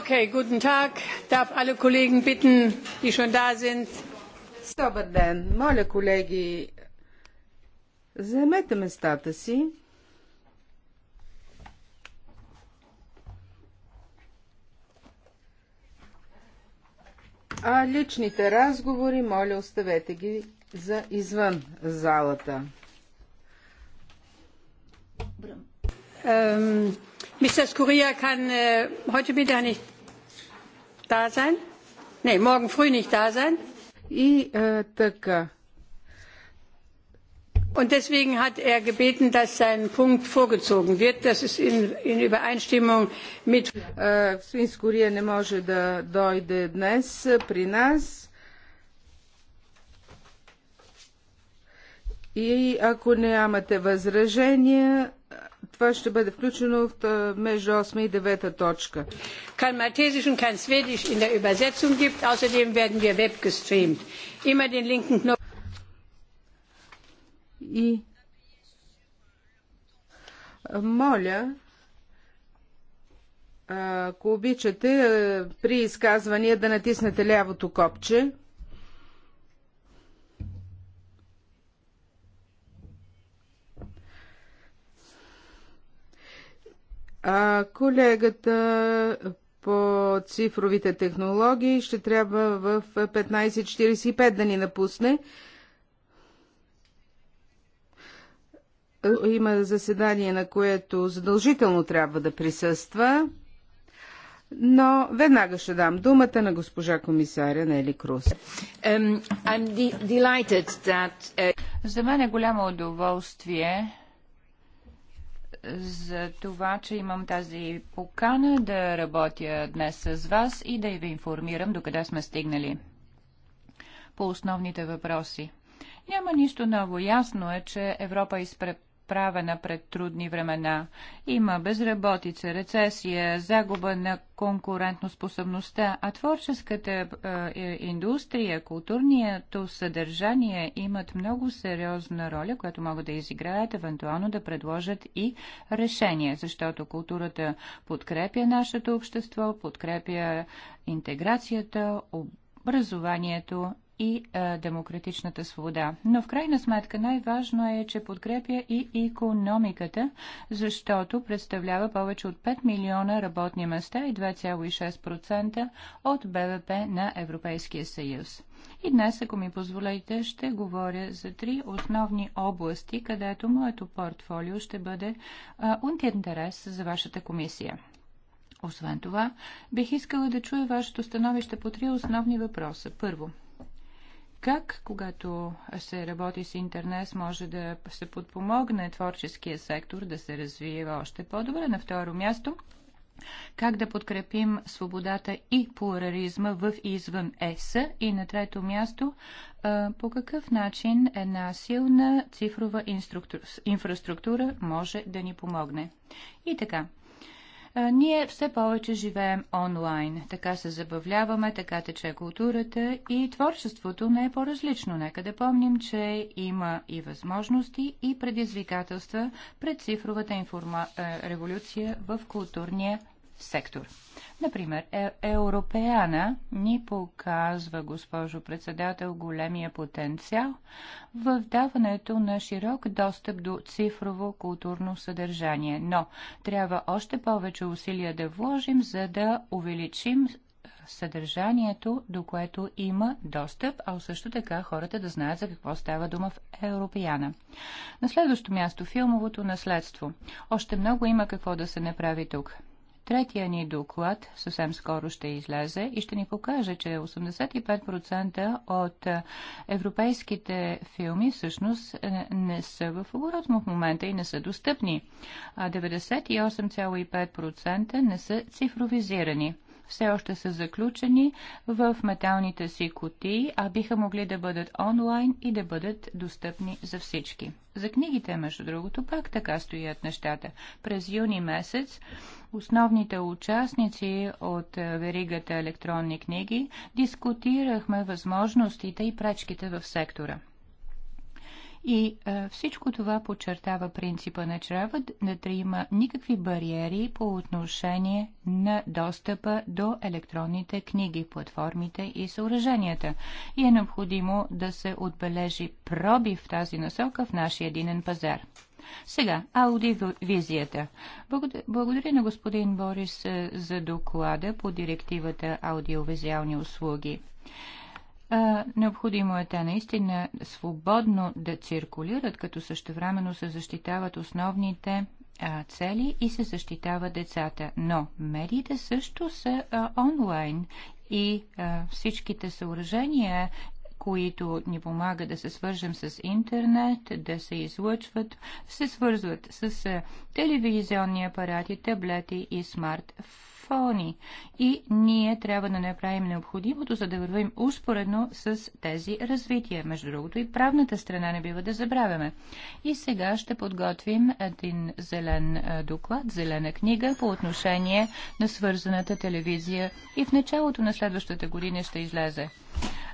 Okay, guten Tag. Darf alle Kollegen bitten, die schon da sind. Добър ден. Моля, колеги, заемете местата си. А личните разговори, моля, оставете ги за извън залата. Um, Mr. Scuria kann heute Mittag nicht da sein. Nee, morgen früh nicht da sein. И е, така. Und deswegen hat er gebeten, dass sein Punkt vorgezogen wird. Das ist in, in Übereinstimmung mit. Господин Скория не може да дойде днес при нас. И ако нямате възражения, това ще бъде включено в, между 8 и 9 точка. Kein Maltesisch und kein Schwedisch in der Übersetzung gibt, außerdem werden wir web gestreamt. Immer den linken Knopf. И моля, ако обичате, при изказвания да натиснете лявото копче. А колегата по цифровите технологии ще трябва в 15.45 да ни напусне. Има заседание, на което задължително трябва да присъства, но веднага ще дам думата на госпожа комисаря Нели Крус. Um, that... Е, За мен е голямо удоволствие за това, че имам тази покана да работя днес с вас и да ви информирам докъде сме стигнали по основните въпроси. Няма нищо ново. Ясно е, че Европа изпреп изправена пред трудни времена. Има безработица, рецесия, загуба на конкурентноспособността, а творческата е, е индустрия, културното съдържание имат много сериозна роля, която могат да изиграят, евентуално да предложат и решение, защото културата подкрепя нашето общество, подкрепя интеграцията, образованието и а, демократичната свобода. Но в крайна сметка най-важно е, че подкрепя и економиката, защото представлява повече от 5 милиона работни места и 2,6% от БВП на Европейския съюз. И днес, ако ми позволите, ще говоря за три основни области, където моето портфолио ще бъде от интерес за вашата комисия. Освен това, бих искала да чуя вашето становище по три основни въпроса. Първо, как, когато се работи с интернет, може да се подпомогне творческия сектор да се развие още по-добре? На второ място, как да подкрепим свободата и плурализма в извън ЕС и на трето място по какъв начин една силна цифрова инфраструктура може да ни помогне. И така, ние все повече живеем онлайн. Така се забавляваме, така тече културата и творчеството не е по-различно. Нека да помним, че има и възможности и предизвикателства пред цифровата информа... революция в културния сектор. Например, е, Европеана ни показва, госпожо председател, големия потенциал в даването на широк достъп до цифрово културно съдържание, но трябва още повече усилия да вложим, за да увеличим съдържанието, до което има достъп, а също така хората да знаят за какво става дума в Европеяна. На следващо място филмовото наследство. Още много има какво да се направи тук. Третия ни доклад съвсем скоро ще излезе и ще ни покаже, че 85% от европейските филми всъщност не са в оборот в момента и не са достъпни, а 98,5% не са цифровизирани все още са заключени в металните си кутии, а биха могли да бъдат онлайн и да бъдат достъпни за всички. За книгите, между другото, пак така стоят нещата. През юни месец основните участници от е, веригата електронни книги дискутирахме възможностите и пречките в сектора. И а, всичко това подчертава принципа на трябва да, да има никакви бариери по отношение на достъпа до електронните книги, платформите и съоръженията. И е необходимо да се отбележи проби в тази насока в нашия единен пазар. Сега, аудиовизията. Благодаря на господин Борис за доклада по директивата аудиовизиални услуги а, необходимо е те наистина свободно да циркулират, като същевременно се защитават основните а, цели и се защитават децата. Но медиите също са а, онлайн и а, всичките съоръжения които ни помага да се свържем с интернет, да се излъчват, се свързват с телевизионни апарати, таблети и смартфони телефони. И ние трябва да направим необходимото, за да вървим успоредно с тези развития. Между другото и правната страна не бива да забравяме. И сега ще подготвим един зелен е, доклад, зелена книга по отношение на свързаната телевизия и в началото на следващата година ще излезе.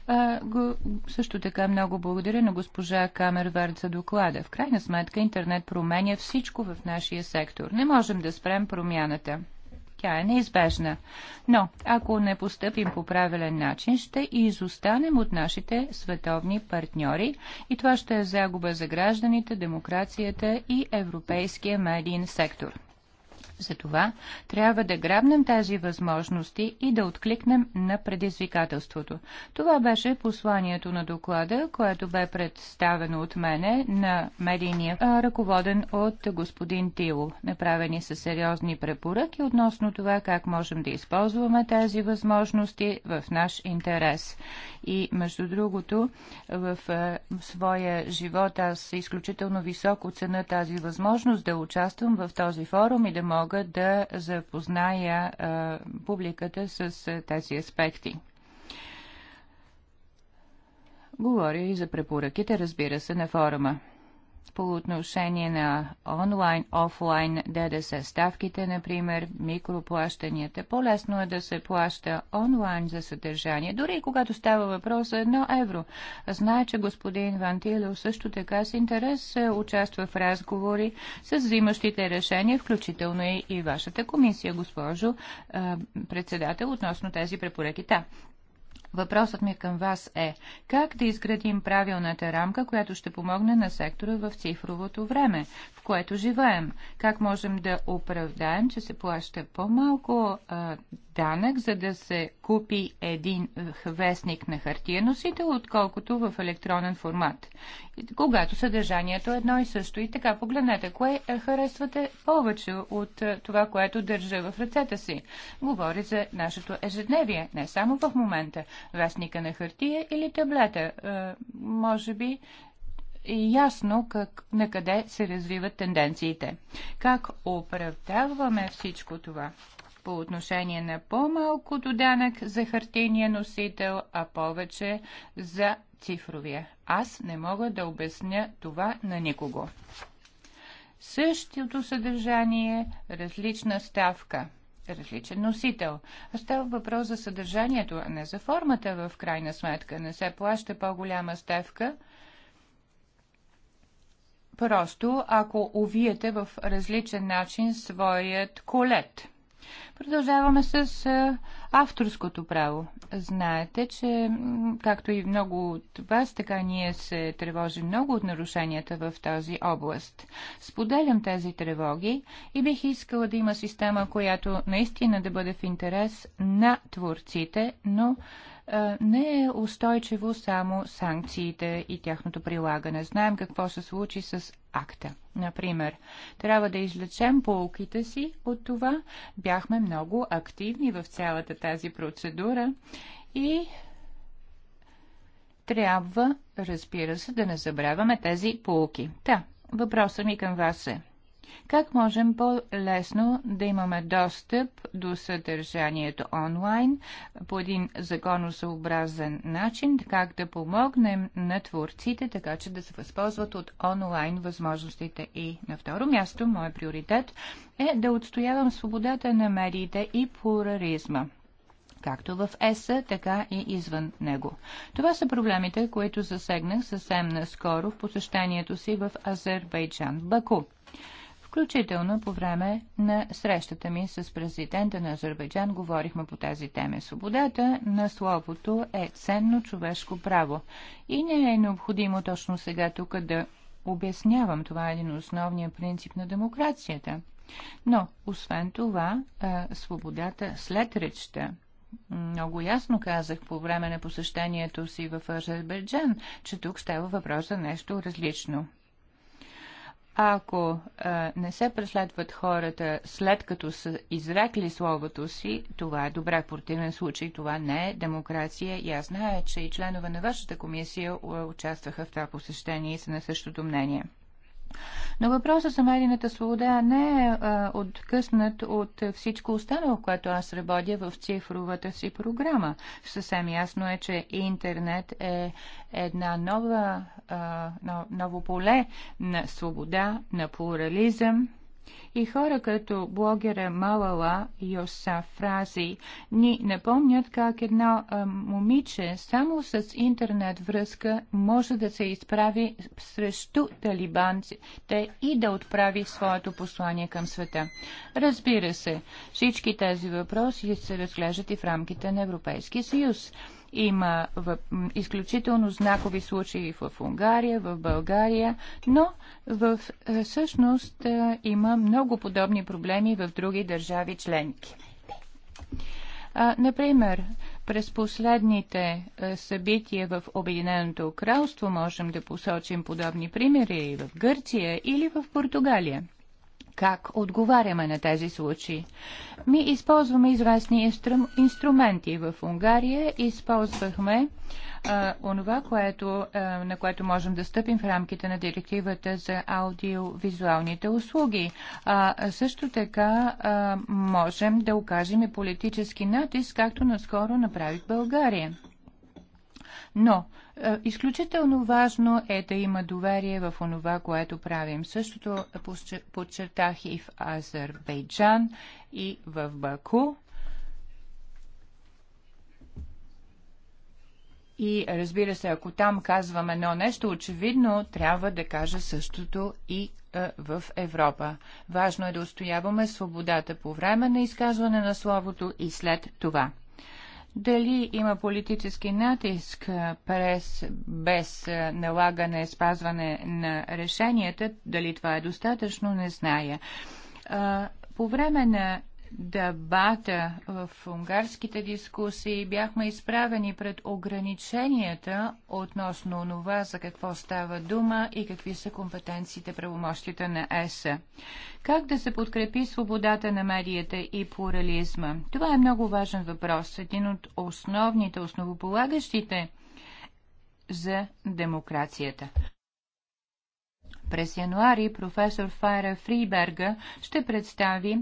А, е, го, също така много благодаря на госпожа Камервард за доклада. В крайна сметка интернет променя всичко в нашия сектор. Не можем да спрем промяната. Тя е неизбежна. Но ако не постъпим по правилен начин, ще изостанем от нашите световни партньори и това ще е загуба за гражданите, демокрацията и европейския медиен сектор. Затова трябва да грабнем тези възможности и да откликнем на предизвикателството. Това беше посланието на доклада, което бе представено от мене на медийния, ръководен от господин Тило. Направени са сериозни препоръки относно това как можем да използваме тези възможности в наш интерес. И между другото, в своя живот аз изключително високо цена тази възможност да участвам в този форум и да мога мога да запозная а, публиката с а, тези аспекти. Говоря и за препоръките, разбира се, на форума по отношение на онлайн, офлайн ДДС ставките, например, микроплащанията. По-лесно е да се плаща онлайн за съдържание, дори и когато става въпрос за едно евро. Знае, че господин Вантилев също така с интерес е, участва в разговори с взимащите решения, включително и, и вашата комисия, госпожо е, председател, относно тези препоръки. Та. Въпросът ми към вас е, как да изградим правилната рамка, която ще помогне на сектора в цифровото време, в което живеем? Как можем да оправдаем, че се плаща по-малко данък, за да се купи един вестник на хартия носител, отколкото в електронен формат. Когато съдържанието е едно и също. И така, погледнете, кое е, харесвате повече от това, което държа в ръцете си. Говори за нашето ежедневие, не само в момента вестника на хартия или таблета. Е, може би е ясно как, на къде се развиват тенденциите. Как оправдаваме всичко това? по отношение на по-малкото данък за хартийния носител, а повече за цифровия. Аз не мога да обясня това на никого. Същото съдържание, различна ставка – различен носител. Става въпрос за съдържанието, а не за формата в крайна сметка. Не се плаща по-голяма стевка. Просто ако увиете в различен начин своят колет – Продължаваме с авторското право. Знаете, че както и много от вас, така ние се тревожим много от нарушенията в тази област. Споделям тези тревоги и бих искала да има система, която наистина да бъде в интерес на творците, но е, не е устойчиво само санкциите и тяхното прилагане. Знаем какво се случи с акта. Например, трябва да излечем полките си от това. Бяхме много активни в цялата тази процедура и трябва, разбира се, да не забравяме тези полки. Та, въпросът ми към вас е – как можем по-лесно да имаме достъп до съдържанието онлайн по един законосъобразен начин, как да помогнем на творците, така че да се възползват от онлайн възможностите. И на второ място, мой приоритет е да отстоявам свободата на медиите и плурализма както в ЕСА, така и извън него. Това са проблемите, които засегнах съвсем наскоро в посещението си в Азербайджан, Баку. Включително по време на срещата ми с президента на Азербайджан говорихме по тази тема. Свободата на словото е ценно човешко право и не е необходимо точно сега тук да обяснявам. Това е един основния принцип на демокрацията. Но, освен това, свободата след речта много ясно казах по време на посещението си в Азербайджан, че тук става въпрос за нещо различно. Ако а, не се преследват хората след като са изрекли словото си, това е добре. В противен случай това не е демокрация. И аз знае, че и членове на вашата комисия участваха в това посещение и са на същото мнение. Но въпросът за медийната свобода не е а, е, откъснат от всичко останало, което аз работя в цифровата си програма. Съвсем ясно е, че интернет е една нова, а, е, ново поле на свобода, на плурализъм и хора като блогера Малала Фрази ни напомнят как едно момиче само с интернет връзка може да се изправи срещу талибанците и да отправи своето послание към света. Разбира се, всички тези въпроси се разглеждат и в рамките на Европейския съюз. Има в, изключително знакови случаи в Унгария, в България, но в, е, всъщност е, има много подобни проблеми в други държави членки. А, например, през последните е, събития в Обединеното кралство можем да посочим подобни примери и в Гърция или в Португалия как отговаряме на тези случаи. Ми използваме известни инструменти. В Унгария използвахме а, онова, което, а, на което можем да стъпим в рамките на директивата за аудиовизуалните услуги. А, също така а, можем да окажем и политически натиск, както наскоро направих България. Но е, изключително важно е да има доверие в онова, което правим. Същото подчертах и в Азербайджан, и в Баку. И разбира се, ако там казвам едно нещо, очевидно трябва да кажа същото и е, в Европа. Важно е да устояваме свободата по време на изказване на словото и след това дали има политически натиск през, без налагане, спазване на решенията, дали това е достатъчно, не зная. По време на дебата в унгарските дискусии бяхме изправени пред ограниченията относно това за какво става дума и какви са компетенциите правомощите на ЕСА. Как да се подкрепи свободата на медията и плурализма? Това е много важен въпрос, един от основните, основополагащите за демокрацията. През януари професор Файра Фриберга ще представи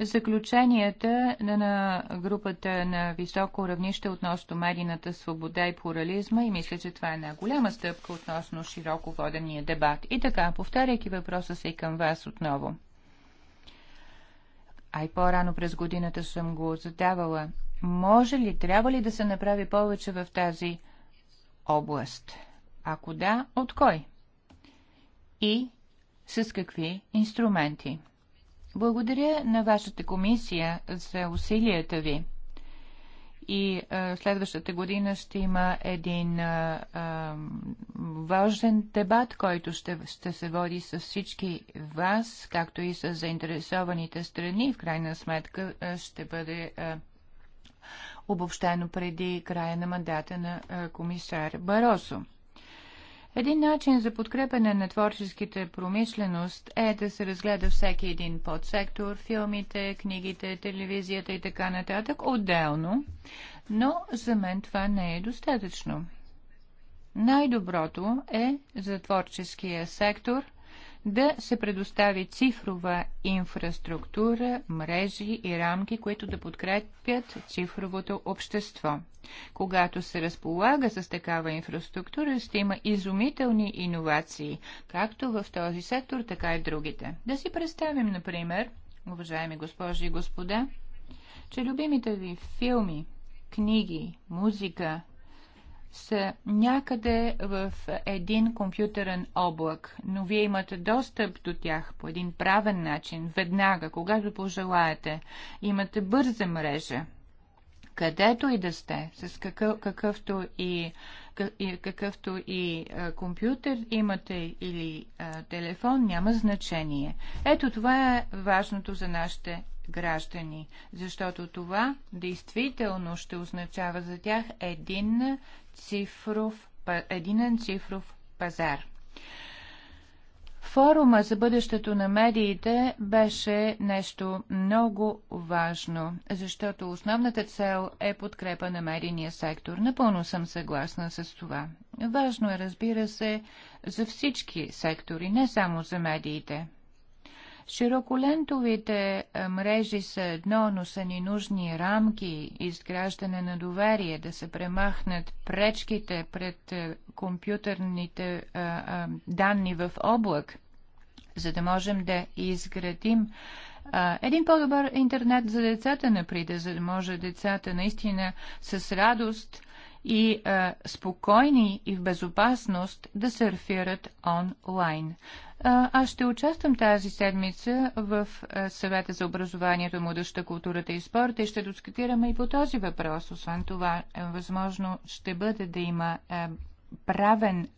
заключенията на групата на високо равнище относно медийната свобода и плурализма и мисля, че това е една голяма стъпка относно широко водения дебат. И така, повтаряйки въпроса си към вас отново. А и по-рано през годината съм го задавала. Може ли, трябва ли да се направи повече в тази област? Ако да, от кой? и с какви инструменти. Благодаря на вашата комисия за усилията ви. И а, следващата година ще има един а, а, важен дебат, който ще, ще се води с всички вас, както и с заинтересованите страни. В крайна сметка а, ще бъде а, обобщено преди края на мандата на а, комисар Баросо. Един начин за подкрепене на творческите промишленост е да се разгледа всеки един подсектор, филмите, книгите, телевизията и така нататък отделно, но за мен това не е достатъчно. Най-доброто е за творческия сектор – да се предостави цифрова инфраструктура, мрежи и рамки, които да подкрепят цифровото общество. Когато се разполага с такава инфраструктура, ще има изумителни иновации, както в този сектор, така и другите. Да си представим, например, уважаеми госпожи и господа, че любимите ви филми, книги, музика, са някъде в един компютърен облак, но вие имате достъп до тях по един правен начин, веднага, когато пожелаете. Имате бърза мрежа, където и да сте, с какъв, какъвто и, какъвто и а, компютър имате или а, телефон, няма значение. Ето това е важното за нашите граждани, защото това действително ще означава за тях един цифров, единен цифров пазар. Форума за бъдещето на медиите беше нещо много важно, защото основната цел е подкрепа на медийния сектор. Напълно съм съгласна с това. Важно е, разбира се, за всички сектори, не само за медиите. Широколентовите е, мрежи са едно, но са ни нужни рамки, изграждане на доверие, да се премахнат пречките пред е, компютърните а, е, а, данни в облак, за да можем да изградим а, един по-добър интернет за децата, например, за да може децата наистина с радост и а, е, спокойни и в безопасност да сърфират онлайн. Е, аз ще участвам тази седмица в е, съвета за образованието, младеща, културата и спорта и ще дискутираме и по този въпрос. Освен това, е възможно ще бъде да има правен,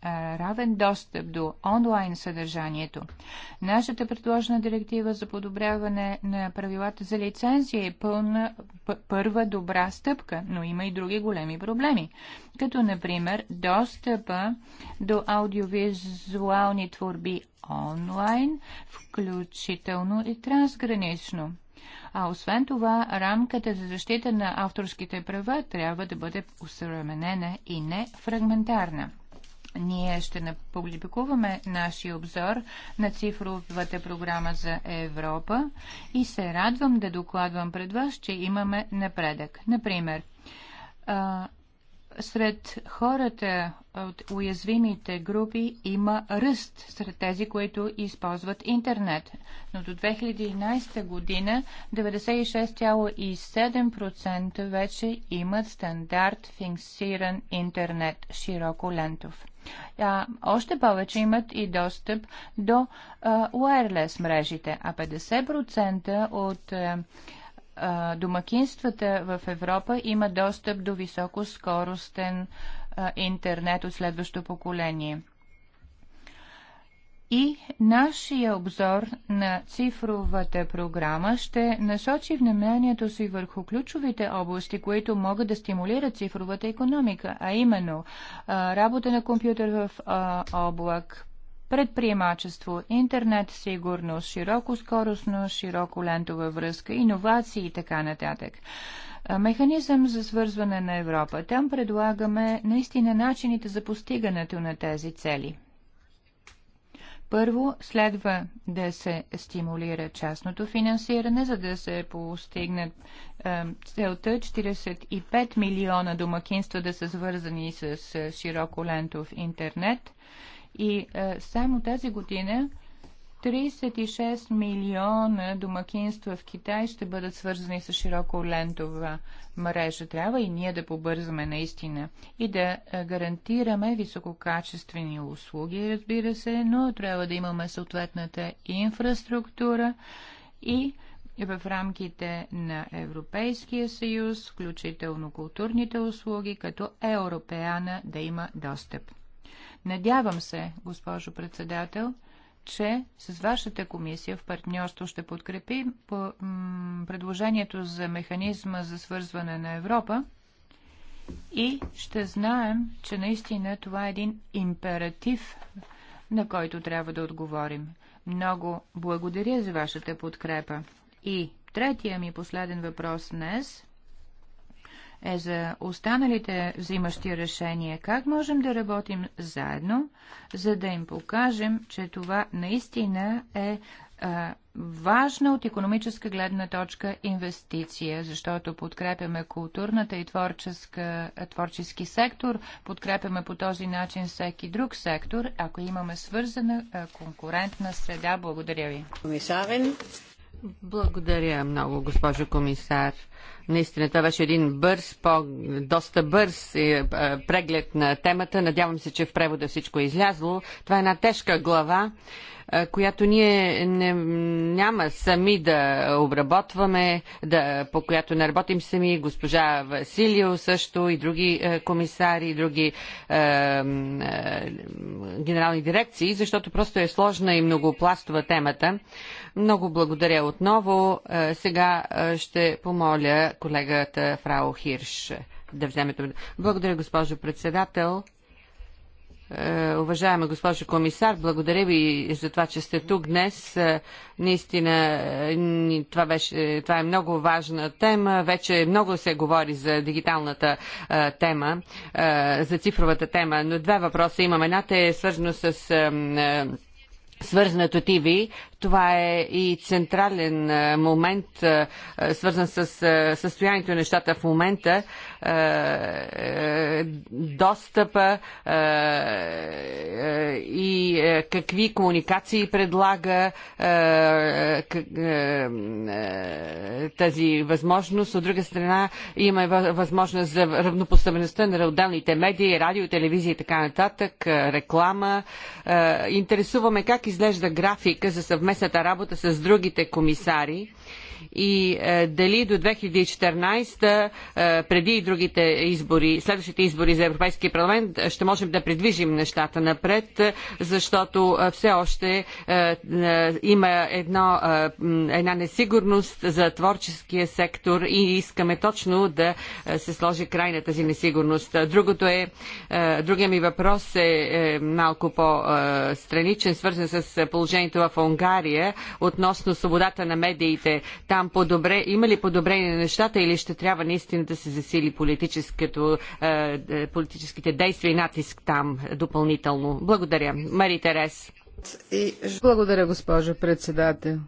равен достъп до онлайн съдържанието. Нашата предложена директива за подобряване на правилата за лицензия е пълна, първа добра стъпка, но има и други големи проблеми, като например достъпа до аудиовизуални творби онлайн, включително и трансгранично. А освен това, рамката за защита на авторските права трябва да бъде усъвременена и не фрагментарна. Ние ще публикуваме нашия обзор на цифровата програма за Европа и се радвам да докладвам пред вас, че имаме напредък. Например, сред хората от уязвимите групи има ръст сред тези, които използват интернет. Но до 2011 година 96,7% вече имат стандарт фиксиран интернет широко лентов. А, още повече имат и достъп до а, wireless мрежите, а 50% от а, домакинствата в Европа има достъп до високоскоростен интернет от следващо поколение. И нашия обзор на цифровата програма ще насочи вниманието си върху ключовите области, които могат да стимулират цифровата економика, а именно работа на компютър в облак, предприемачество, интернет сигурност, широко скоростно, широко лентова връзка, иновации и така нататък. Механизъм за свързване на Европа. Там предлагаме наистина начините за постигането на тези цели. Първо, следва да се стимулира частното финансиране, за да се постигне е, целта 45 милиона домакинства да са свързани с широко лентов интернет. И е, само тази година 36 милиона домакинства в Китай ще бъдат свързани с широко лентова мрежа. Трябва и ние да побързаме наистина и да е, гарантираме висококачествени услуги, разбира се, но трябва да имаме съответната инфраструктура и в рамките на Европейския съюз, включително културните услуги, като Европеана да има достъп. Надявам се, госпожо председател, че с вашата комисия в партньорство ще подкрепим по, предложението за механизма за свързване на Европа и ще знаем, че наистина това е един императив, на който трябва да отговорим. Много благодаря за вашата подкрепа. И третия ми последен въпрос днес е за останалите взимащи решения. Как можем да работим заедно, за да им покажем, че това наистина е а, важна от економическа гледна точка инвестиция, защото подкрепяме културната и творческа, творчески сектор, подкрепяме по този начин всеки друг сектор, ако имаме свързана а, конкурентна среда. Благодаря ви. Благодаря много, госпожо комисар. Наистина, това беше един бърз, по, доста бърз е, е, преглед на темата. Надявам се, че в превода всичко е излязло. Това е една тежка глава, е, която ние не, няма сами да обработваме, да, по която не работим сами. Госпожа Василио също и други комисари, и други е, е, генерални дирекции, защото просто е сложна и многопластова темата. Много благодаря отново. Е, сега е, ще помоля колегата Фрао Хирш е, да вземе това. Благодаря, госпожо председател. Уважаема госпожо комисар, благодаря ви за това, че сте тук днес. Наистина, това, беше, това е много важна тема. Вече много се говори за дигиталната тема, за цифровата тема, но две въпроса имам. Едната е свързано с свързаното ТВ. Това е и централен момент, свързан с състоянието на нещата в момента. Достъпа и какви комуникации предлага тази възможност. От друга страна има възможност за равнопоставеността на отделните медии, радио, телевизия и така нататък, реклама. Интересуваме как изглежда графика за съвместно съвместната работа с другите комисари и е, дали до 2014, е, преди другите избори, следващите избори за Европейския парламент, е, ще можем да придвижим нещата напред, защото все още има едно, една несигурност за творческия сектор и искаме точно да се сложи край на тази несигурност. Другото е, другия ми въпрос е малко по-страничен, свързан с положението в Унгария относно свободата на медиите там подобре, има ли подобрение на нещата или ще трябва наистина да се засили е, е, политическите действия и натиск там допълнително? Благодаря. Мари Терес. Благодаря, госпожо председател.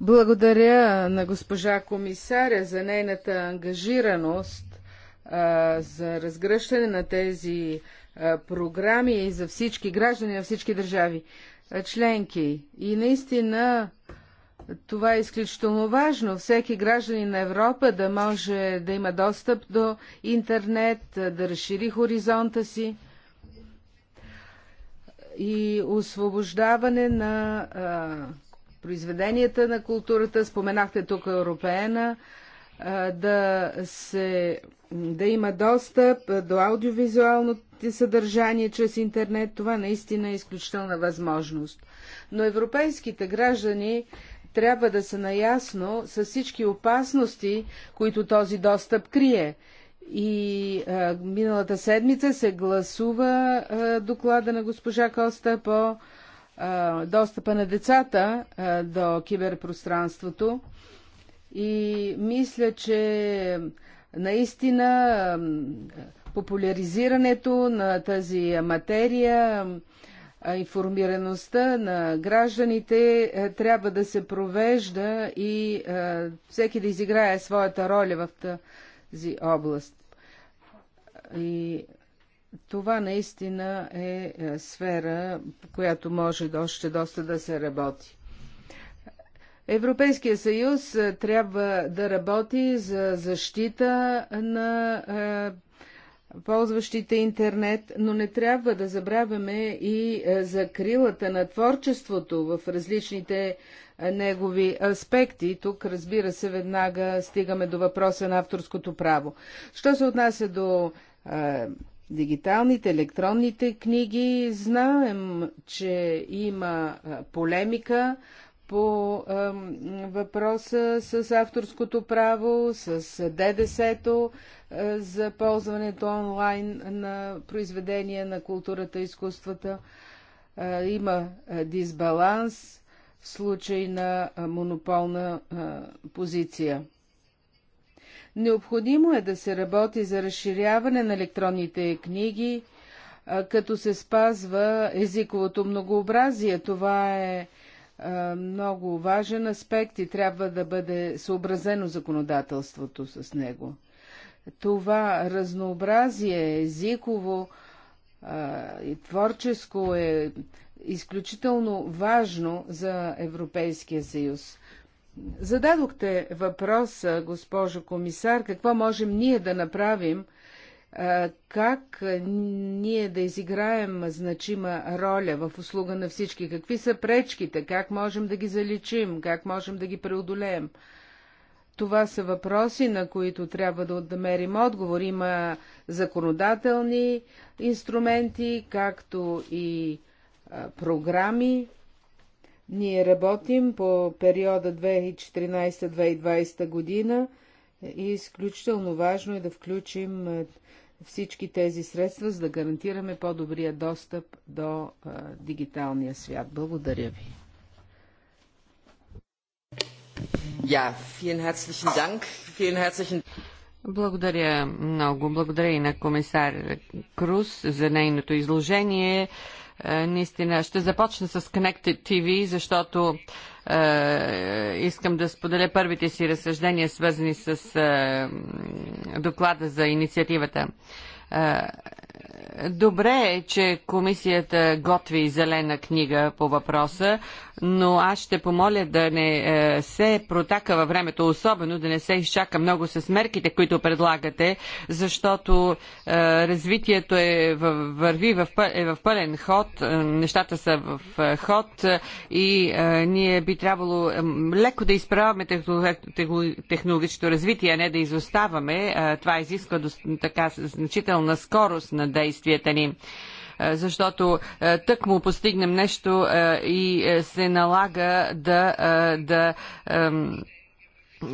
Благодаря на госпожа комисаря за нейната ангажираност а, е, за разгръщане на тези а, програми за всички граждани на всички държави членки. И наистина това е изключително важно. Всеки гражданин на Европа да може да има достъп до интернет, да разшири хоризонта си и освобождаване на а, произведенията на културата. Споменахте тук Европеена. А, да, се, да има достъп до аудиовизуалните съдържания чрез интернет. Това наистина е изключителна възможност. Но европейските граждани трябва да са наясно с всички опасности, които този достъп крие. И а, миналата седмица се гласува а, доклада на госпожа Коста по а, достъпа на децата а, до киберпространството. И мисля, че наистина популяризирането на тази материя информираността на гражданите е, трябва да се провежда и е, всеки да изиграе своята роля в тази област. И това наистина е, е сфера, по която може още доста да се работи. Европейския съюз трябва да работи за защита на ползващите интернет, но не трябва да забравяме и е, за крилата на творчеството в различните е, негови аспекти. Тук, разбира се, веднага стигаме до въпроса на авторското право. Що се отнася до е, дигиталните, електронните книги, знаем, че има е, полемика по въпроса с авторското право, с ДДС-то за ползването онлайн на произведения на културата и изкуствата. Има дисбаланс в случай на монополна позиция. Необходимо е да се работи за разширяване на електронните книги, като се спазва езиковото многообразие. Това е е, много важен аспект и трябва да бъде съобразено законодателството с него. Това разнообразие е езиково е, и творческо е изключително важно за Европейския съюз. Зададохте въпроса, госпожо комисар, какво можем ние да направим – как ние да изиграем значима роля в услуга на всички, какви са пречките, как можем да ги заличим, как можем да ги преодолеем. Това са въпроси, на които трябва да отдамерим отговор. Има законодателни инструменти, както и а, програми. Ние работим по периода 2014-2020 година е, и изключително важно е да включим всички тези средства, за да гарантираме по-добрия достъп до а, дигиталния свят. Благодаря ви. Ja, vielen herzlichen Dank. Vielen herzlichen благодаря много. Благодаря и на комисар Круз за нейното изложение. Е, наистина ще започна с Connected TV, защото е, искам да споделя първите си разсъждения, свързани с е, доклада за инициативата. Е, Добре е, че комисията готви зелена книга по въпроса, но аз ще помоля да не е, се протака във времето, особено да не се изчака много с мерките, които предлагате, защото е, развитието е върви в, е в пълен ход, е, нещата са в ход и ние би трябвало леко да изправяме технологичното развитие, а не да изоставаме. това изисква така значителна скорост на действие действията ни е, защото е, тък му постигнем нещо е, и се налага да, да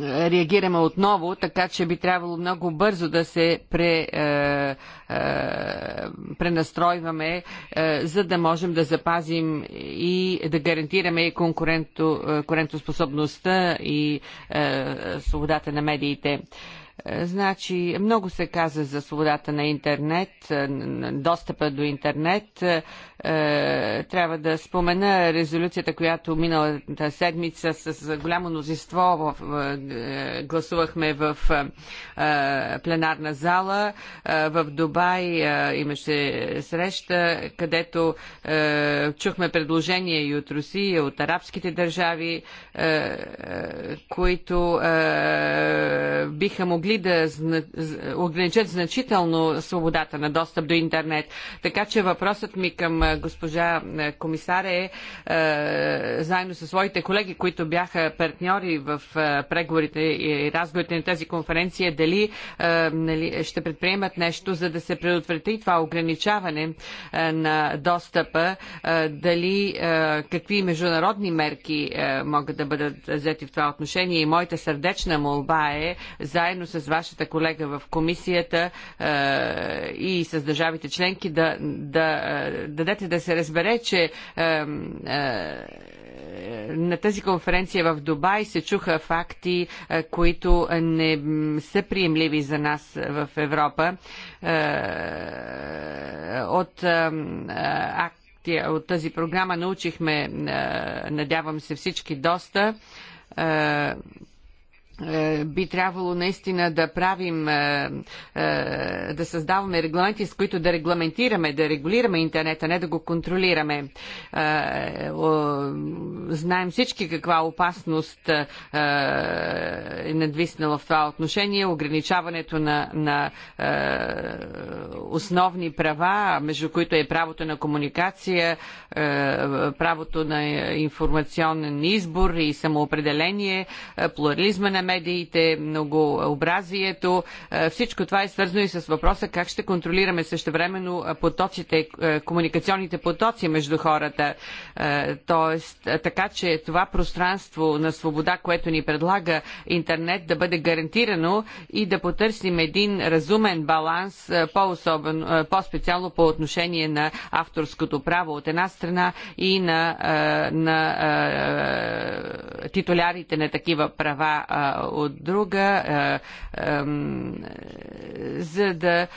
реагираме отново, така че би трябвало много бързо да се пре, е, е, пренастройваме, е, за да можем да запазим и да гарантираме конкурентоспособността и е, свободата на медиите. Е, е, значи, много се каза за свободата на интернет, е, достъпа до интернет. Е, трябва да спомена резолюцията, която миналата седмица с голямо мнозинство гласувахме в пленарна зала. В Дубай имаше среща, където чухме предложения и от Русия, и от арабските държави е, е, които е, биха могли да ограничат значително свободата на достъп до интернет. Така че въпросът ми към госпожа комисаре: е, заедно с своите колеги, които бяха партньори в преговорите и разговорите на тази конференция, дали нали, ще предприемат нещо, за да се предотврати това ограничаване на достъпа, дали какви международни мерки могат да бъдат взети в това отношение и моята сърдечна молба е, заедно с вашата колега в комисията е, и с държавите членки, да, да е, дадете да се разбере, че е, е, на тази конференция в Дубай се чуха факти, е, които не са приемливи за нас в Европа. От от тази програма научихме, е, надявам се всички, доста е, е, би трябвало наистина да правим, е, е, да създаваме регламенти, с които да регламентираме, да регулираме интернета, не да го контролираме. Знаем всички каква опасност е надвиснала в това отношение. Ограничаването на, на основни права, между които е правото на комуникация, правото на информационен избор и самоопределение, плурализма на медиите, многообразието. Е, всичко това е свързано и с въпроса как ще контролираме времено е, потоците, е, комуникационните потоци между хората. Тоест, така че това пространство на свобода, което ни предлага интернет, да бъде гарантирано и да потърсим един разумен баланс, по-специално по, по отношение на авторското право от една страна и на, на, на титулярите на такива права от друга, за да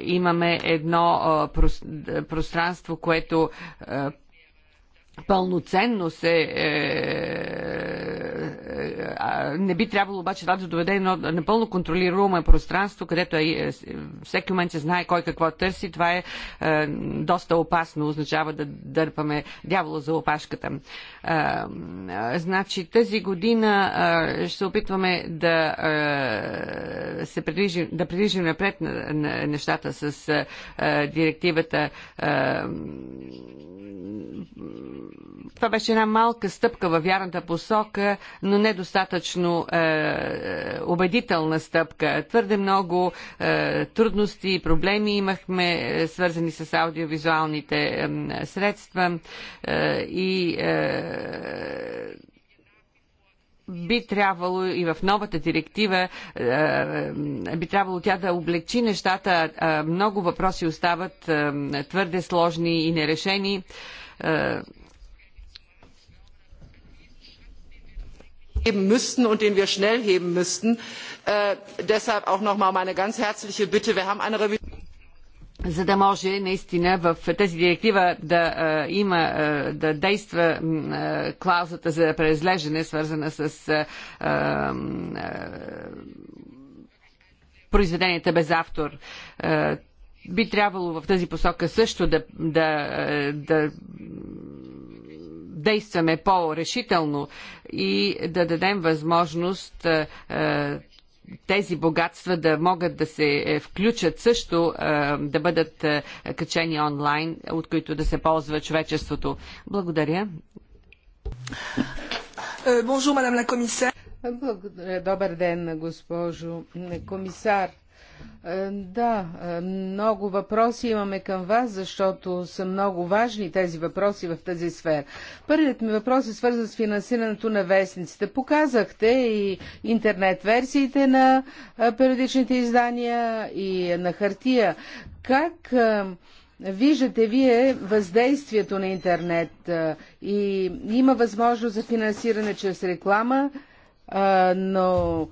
имаме едно пространство, което пълноценно се е, не би трябвало обаче това да доведе едно напълно контролируемо пространство, където е, е, всеки момент се знае кой какво търси. Това е, е доста опасно, означава да дърпаме дявола за опашката. Е, е значи тази година е, ще се опитваме да е, се придвижим, да придвижим напред на, на нещата с е, е, директивата. Е, това беше една малка стъпка във вярната посока, но не до недостатъчно е, е, убедителна стъпка. Твърде много е, трудности и проблеми имахме, е, свързани с аудиовизуалните е, средства е, и е, би трябвало и в новата директива е, е, би трябвало тя да облегчи нещата. Много въпроси остават твърде сложни и нерешени heben müssten und den wir schnell heben müssten. Äh, deshalb auch noch mal meine ganz herzliche Bitte. Wir haben eine за да може наистина в тази директива да а, е, има, а, е, да действа а, е, клаузата за преразглеждане, свързана с а, а, произведенията без автор. А, би трябвало в тази посока също да, да, да действаме по-решително и да дадем възможност е, е, тези богатства да могат да се е, включат също, да бъдат качени онлайн, от които да се ползва човечеството. Благодаря. Bonjour, madame la commissaire. Добър ден, госпожо комисар. Е, да, е, много въпроси имаме към вас, защото са много важни тези въпроси в тази сфера. Първият ми въпрос е свързан с финансирането на вестниците. Показахте и интернет версиите на е, периодичните издания и на хартия. Как виждате вие въздействието на интернет и има възможност за финансиране чрез реклама, но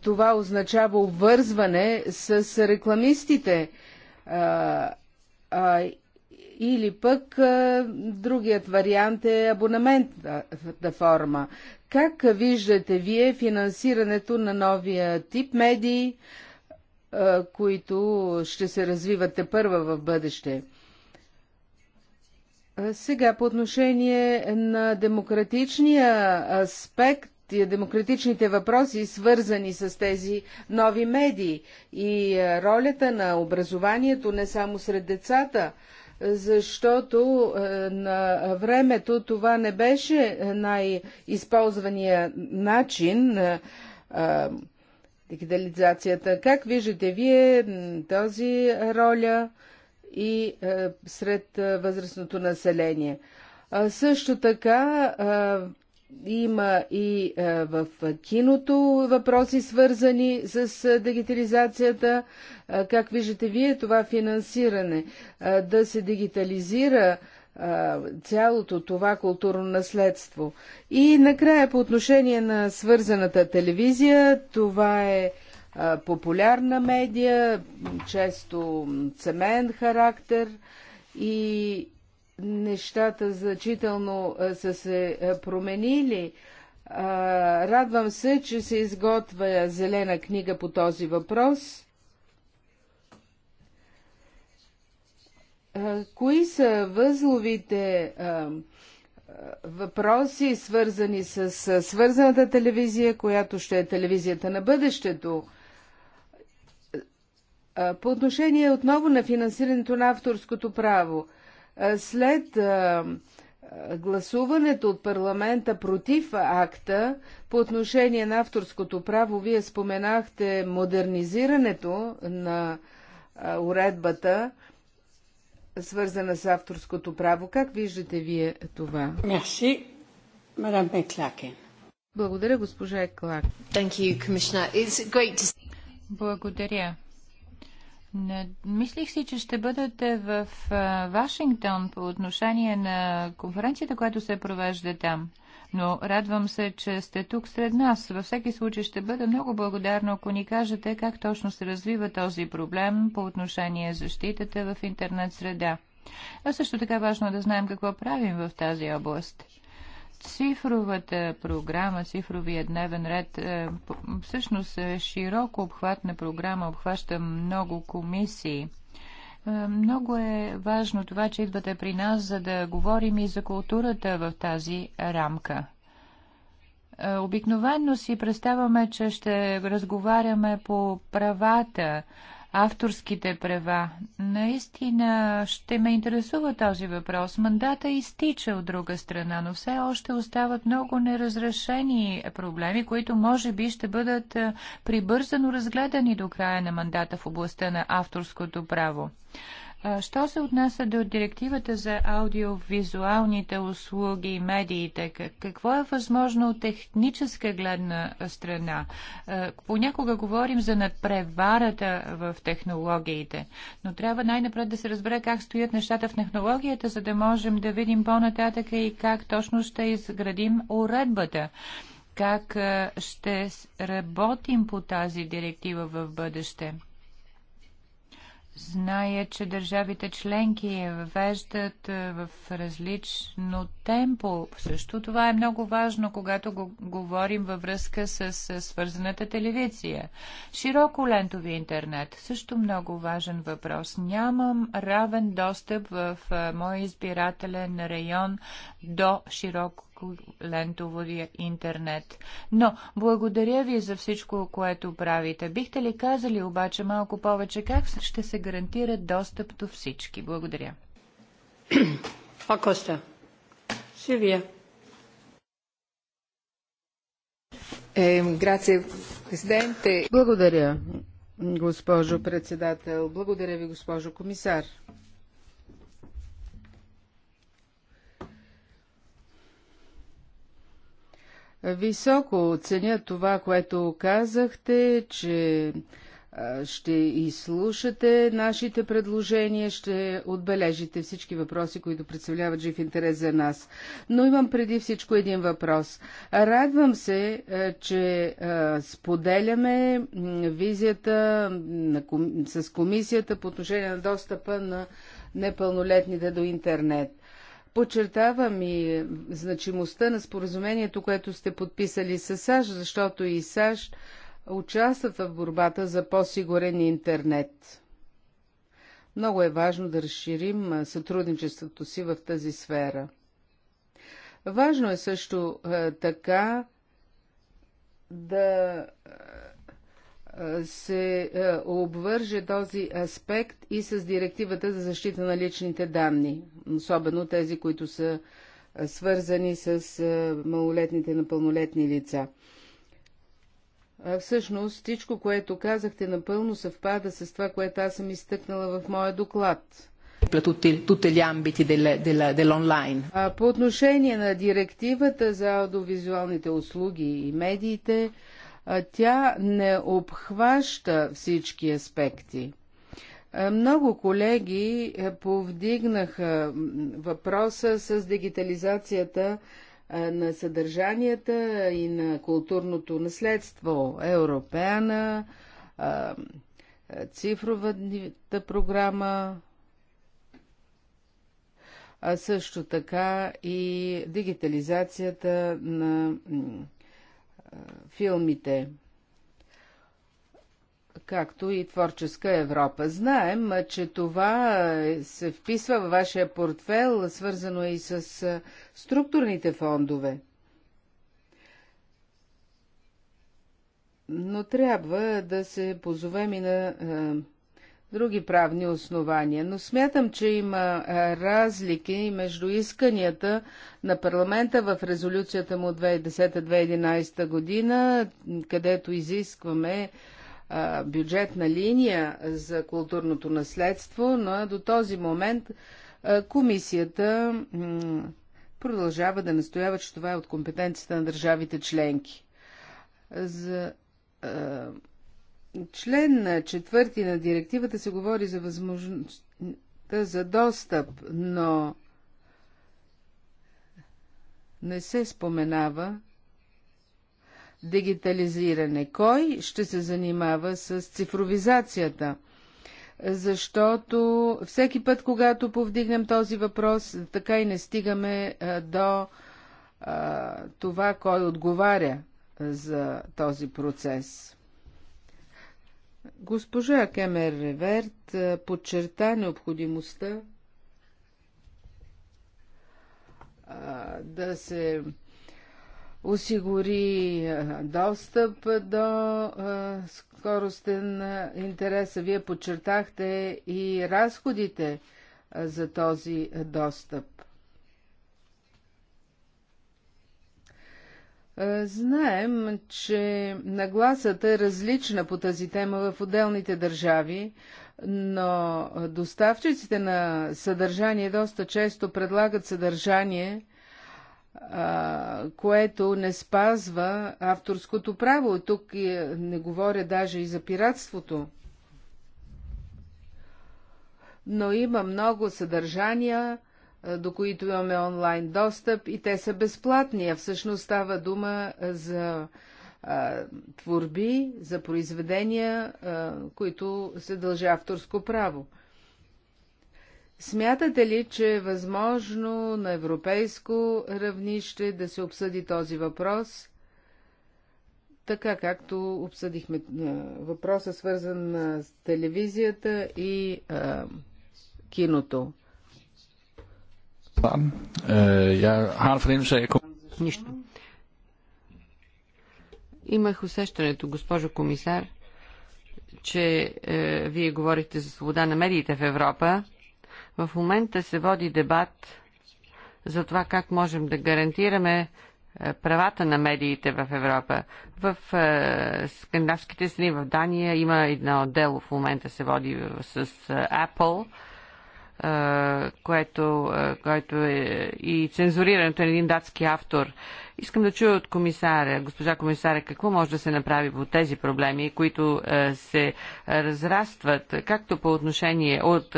това означава обвързване с рекламистите. Или пък другият вариант е абонаментната форма. Как виждате вие финансирането на новия тип медии, които ще се развивате първа в бъдеще? Сега по отношение на демократичния аспект демократичните въпроси, свързани с тези нови медии и е, ролята на образованието не само сред децата, защото е, на времето това не беше най-използвания начин на е, дигитализацията. Как виждате вие този роля и сред възрастното население? Също така има и е, в киното въпроси свързани с е, дигитализацията. Е, как виждате вие това финансиране? Да се дигитализира цялото това културно наследство. И накрая по отношение на свързаната телевизия, това е популярна медия, често цемен характер и нещата значително са се променили. Радвам се, че се изготвя зелена книга по този въпрос. Кои са възловите въпроси, свързани с свързаната телевизия, която ще е телевизията на бъдещето? По отношение отново на финансирането на авторското право. След гласуването от парламента против акта по отношение на авторското право, вие споменахте модернизирането на уредбата, свързана с авторското право. Как виждате вие това? Мерси, мадам Еклакен. Благодаря, госпожа Еклак. Благодаря. Не, мислих си, че ще бъдете в а, Вашингтон по отношение на конференцията, която се провежда там. Но радвам се, че сте тук сред нас. Във всеки случай ще бъда много благодарна, ако ни кажете как точно се развива този проблем по отношение защитата в интернет среда. А също така важно е да знаем какво правим в тази област. Цифровата програма, цифровия дневен ред, е, всъщност е широко обхватна програма, обхваща много комисии. Е, много е важно това, че идвате при нас, за да говорим и за културата в тази рамка. Е, обикновено си представяме, че ще разговаряме по правата, авторските права. Наистина ще ме интересува този въпрос. Мандата изтича от друга страна, но все още остават много неразрешени проблеми, които може би ще бъдат е, прибързано разгледани до края на мандата в областта на авторското право. Що се отнася до директивата за аудиовизуалните услуги и медиите, какво е възможно от техническа гледна страна? Понякога говорим за надпреварата в технологиите, но трябва най-напред да се разбере как стоят нещата в технологията, за да можем да видим по-нататък и как точно ще изградим уредбата как ще работим по тази директива в бъдеще. Зная, че държавите членки въвеждат е, в различно темпо. Също това е много важно, когато го говорим във връзка с свързаната телевизия. Широко лентови интернет. Също много важен въпрос. Нямам равен достъп в е, мой избирателен район до широко върху лентовия е интернет. Но благодаря ви за всичко, което правите. Бихте ли казали обаче малко повече как ще се гарантира достъп до всички? Благодаря. Акоста. Силвия. Благодаря, госпожо председател. Благодаря ви, госпожо комисар. Високо оценя това, което казахте, че ще изслушате нашите предложения, ще отбележите всички въпроси, които представляват жив интерес за нас. Но имам преди всичко един въпрос. Радвам се, че споделяме визията с комисията по отношение на достъпа на непълнолетните до интернет. Подчертавам и значимостта на споразумението, което сте подписали с САЩ, защото и САЩ участват в борбата за по-сигурен интернет. Много е важно да разширим сътрудничеството си в тази сфера. Важно е също така да се е, обвърже този аспект и с директивата за защита на личните данни, особено тези, които са е, свързани с е, малолетните на пълнолетни лица. Всъщност, всичко, което казахте, напълно съвпада с това, което аз съм изтъкнала в моя доклад. По отношение на директивата за аудиовизуалните услуги и медиите, тя не обхваща всички аспекти. Много колеги е, повдигнаха въпроса с дигитализацията на съдържанията и на културното наследство. Европеана, цифровата програма, а също така и дигитализацията на филмите, както и Творческа Европа. Знаем, че това се вписва във вашия портфел, свързано и с структурните фондове. Но трябва да се позовем и на други правни основания, но смятам, че има разлики между исканията на парламента в резолюцията му 2010-2011 година, където изискваме бюджетна линия за културното наследство, но до този момент комисията продължава да настоява, че това е от компетенцията на държавите членки. За а, член четвърти на директивата се говори за възможността за достъп, но не се споменава дигитализиране. Кой ще се занимава с цифровизацията? Защото всеки път, когато повдигнем този въпрос, така и не стигаме до това, кой отговаря за този процес. Госпожа Кемер Реверт подчерта необходимостта да се осигури достъп до скоростен интерес. Вие подчертахте и разходите за този достъп. Е, знаем, че нагласата е различна по тази тема в отделните държави, но доставчиците на съдържание доста често предлагат съдържание, е, което не спазва авторското право. Тук е, не говоря даже и за пиратството. Но има много съдържания, до които имаме онлайн достъп и те са безплатни, а всъщност става дума за а, творби, за произведения, а, които се дължи авторско право. Смятате ли, че е възможно на европейско равнище да се обсъди този въпрос, така както обсъдихме въпроса, свързан с телевизията и а, киното? Е, Нищо. Имах усещането, госпожо комисар, че е, вие говорите за свобода на медиите в Европа. В момента се води дебат за това как можем да гарантираме е, правата на медиите в Европа. В е, скандинавските страни, в Дания има едно дело в момента се води с е, Apple което, което е и цензурирането на един датски автор. Искам да чуя от комисаря, госпожа комисаря, какво може да се направи по тези проблеми, които се разрастват, както по отношение, от,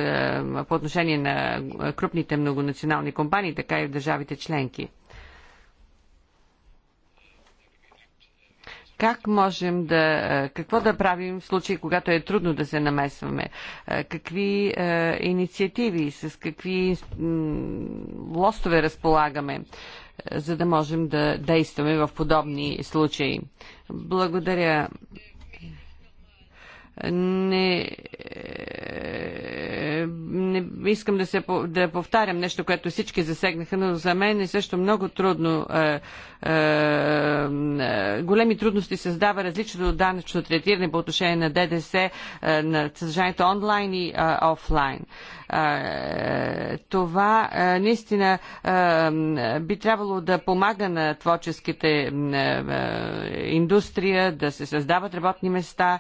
по отношение на крупните многонационални компании, така и в държавите членки. Как можем да... Е, какво да правим в случай, когато е трудно да се намесваме? Е, какви е, инициативи, с какви лостове разполагаме, за да можем да действаме в подобни случаи? Благодаря не, е, не искам да, се, да повтарям нещо, което всички засегнаха, но за мен е също много трудно. Е, е, е големи трудности създава различното данъчно третиране по отношение на ДДС, е, на съдържанието онлайн и е, офлайн. Е, е, това е, наистина е, би трябвало да помага на творческите индустрия, да се създават работни места.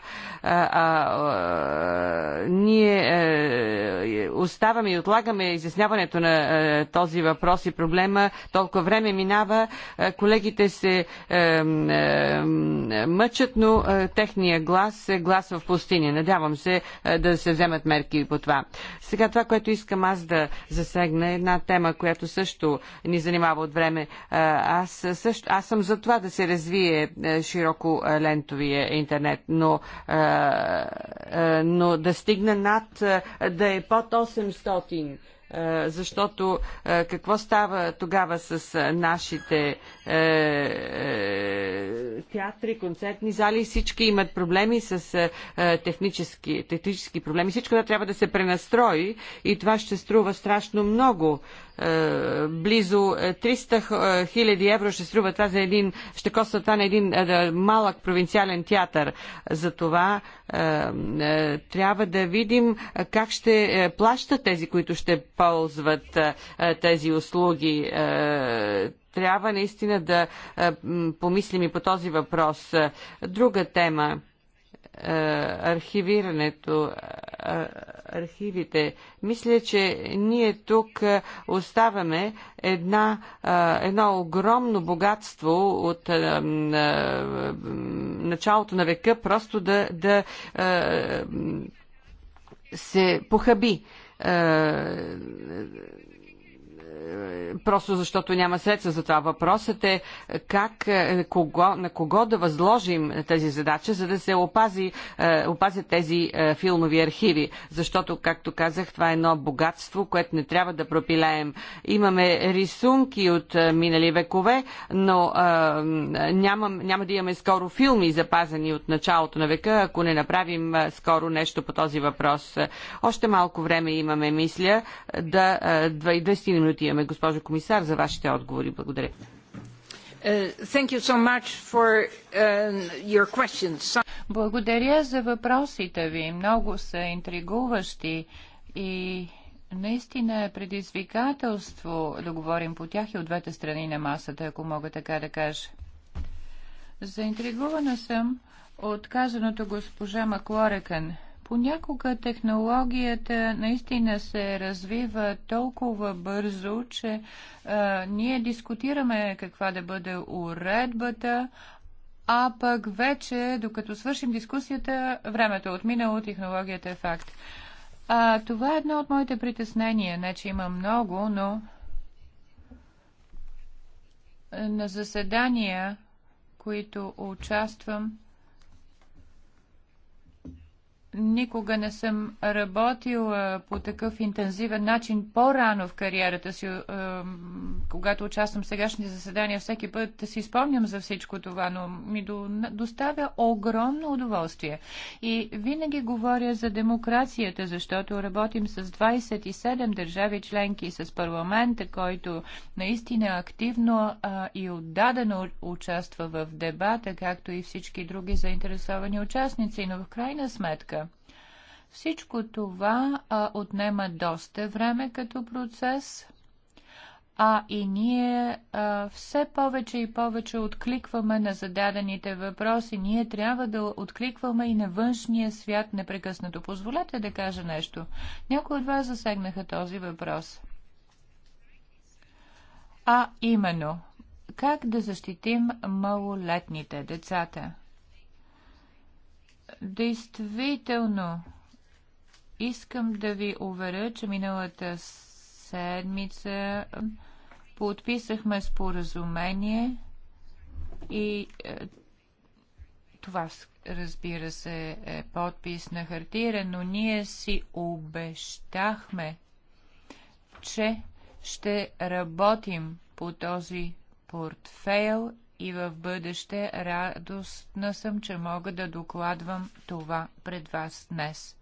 Ние оставаме и отлагаме изясняването на този въпрос и проблема. Толкова време минава, колегите се мъчат, но техния глас е глас в пустиня. Надявам се да се вземат мерки по това. Сега това, което искам аз да засегна е една тема, която също ни занимава от време. Аз, също, аз съм за това да се развие е, широко е, лентовия интернет, но, е, но да стигне над, да е под 800 е, защото е, какво става тогава с е, нашите театри, концертни зали, всички имат проблеми с технически, технически проблеми. Всичко това трябва да се пренастрои и това ще струва страшно много близо 300 е, е, хиляди евро ще струва това за един, ще коства това на един е, малък провинциален театър. За това трябва да видим как ще плащат тези, които ще ползват тези услуги трябва наистина да помислим и по този въпрос. Друга тема е, архивирането, е, архивите. Мисля, че ние тук е, оставаме една, едно огромно богатство от началото на века просто да, да се похаби просто защото няма средства за това. Въпросът е как, е, кого, на кого да възложим тези задача, за да се опази, е, опазят тези е, филмови архиви. Защото, както казах, това е едно богатство, което не трябва да пропилеем. Имаме рисунки от минали векове, но няма, няма да имаме скоро филми запазени от началото на века, ако не направим скоро нещо по този въпрос. Още малко време имаме, мисля, да 20 минути имаме, госпожо комисар, за вашите отговори. Благодаря. Е, е, Благодаря за въпросите ви. Много са интригуващи и наистина е предизвикателство да говорим по тях и от двете страни на масата, ако мога така да кажа. Заинтригувана съм от казаното госпожа Маклорекън – Понякога технологията наистина се развива толкова бързо, че а, ние дискутираме каква да бъде уредбата, а пък вече, докато свършим дискусията, времето е отминало, технологията е факт. А, това е едно от моите притеснения. Не, че има много, но на заседания, които участвам, Никога не съм работила по такъв интензивен начин по-рано в кариерата си. Когато участвам в сегашни заседания, всеки път си спомням за всичко това, но ми доставя огромно удоволствие. И винаги говоря за демокрацията, защото работим с 27 държави членки, с парламента, който наистина активно и отдадено участва в дебата, както и всички други заинтересовани участници. Но в крайна сметка, всичко това а, отнема доста време като процес, а и ние а, все повече и повече откликваме на зададените въпроси. Ние трябва да откликваме и на външния свят непрекъснато. Позволете да кажа нещо. Някои от вас засегнаха този въпрос. А именно, как да защитим малолетните, децата? Действително, Искам да ви уверя, че миналата седмица подписахме споразумение и е, това, разбира се, е подпис на хартира, но ние си обещахме, че ще работим по този портфейл и в бъдеще радостна съм, че мога да докладвам това пред вас днес.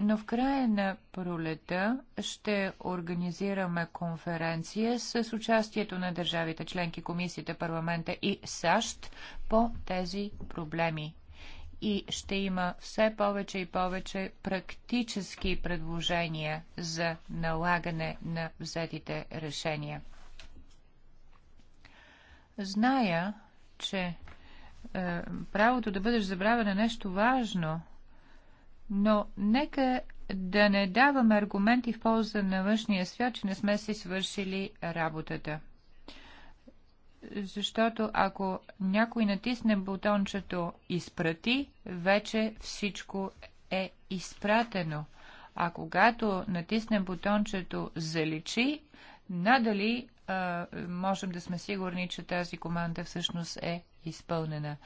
Но в края на пролета ще организираме конференция с участието на държавите членки, комисията, парламента и САЩ по тези проблеми. И ще има все повече и повече практически предложения за налагане на взетите решения. Зная, че е, правото да бъдеш забравен е нещо важно – но нека да не даваме аргументи в полза на външния свят, че не сме си свършили работата. Защото ако някой натисне бутончето изпрати, вече всичко е изпратено. А когато натиснем бутончето заличи, надали а, можем да сме сигурни, че тази команда всъщност е изпълнена.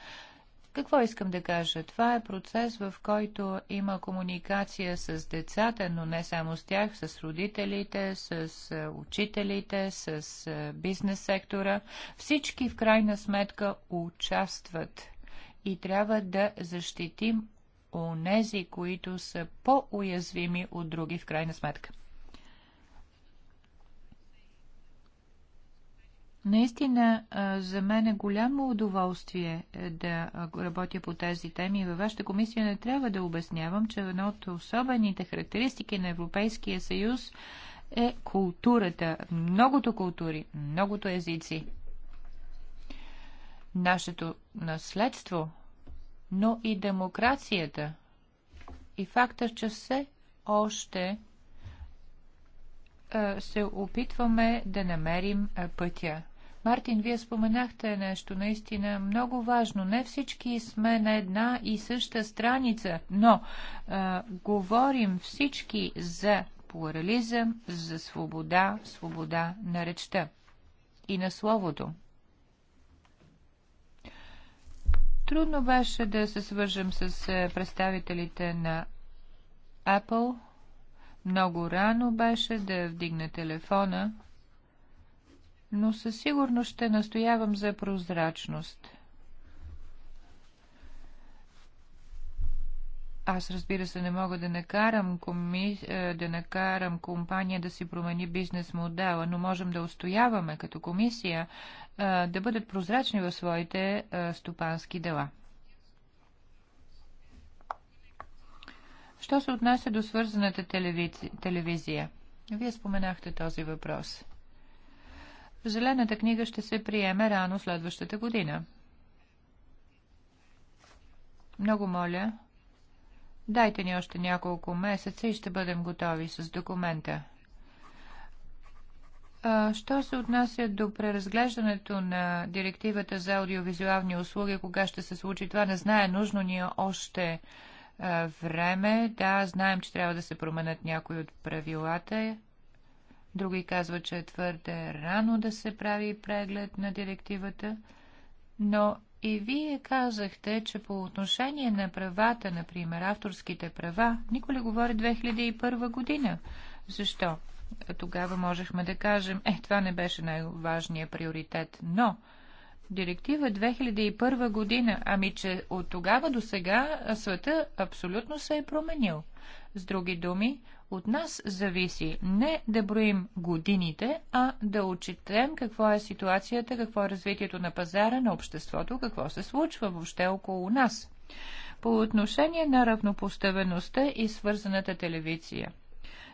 Какво искам да кажа? Това е процес, в който има комуникация с децата, но не само с тях, с родителите, с е, учителите, с е, бизнес сектора. Всички в крайна сметка участват и трябва да защитим онези, които са по-уязвими от други в крайна сметка. Наистина, за мен е голямо удоволствие е, да работя по тези теми. Във вашата комисия не трябва да обяснявам, че една от особените характеристики на Европейския съюз е културата. Многото култури, многото езици. Нашето наследство, но и демокрацията. И факта, че все още се опитваме да намерим пътя Мартин, вие споменахте нещо наистина много важно. Не всички сме на една и съща страница, но а, говорим всички за плурализъм, за свобода, свобода на речта и на словото. Трудно беше да се свържем с представителите на Apple. Много рано беше да вдигна телефона но със сигурност ще настоявам за прозрачност. Аз разбира се не мога да накарам, коми... Е, да накарам компания да си промени бизнес модела, но можем да устояваме като комисия е, да бъдат прозрачни в своите е, стопански дела. Що се отнася до свързаната телевизия? Вие споменахте този въпрос. Зелената книга ще се приеме рано следващата година. Много моля, дайте ни още няколко месеца и ще бъдем готови с документа. Що се отнася до преразглеждането на директивата за аудиовизуални услуги, кога ще се случи това, не знае. Нужно ни е още време. Да, знаем, че трябва да се променят някои от правилата други казват, че е твърде рано да се прави преглед на директивата, но и вие казахте, че по отношение на правата, например, авторските права, не говори 2001 година. Защо? Тогава можехме да кажем, е, това не беше най-важният приоритет, но Директива 2001 година, ами че от тогава до сега света абсолютно се е променил. С други думи, от нас зависи не да броим годините, а да отчетем какво е ситуацията, какво е развитието на пазара, на обществото, какво се случва въобще около нас. По отношение на равнопоставеността и свързаната телевизия –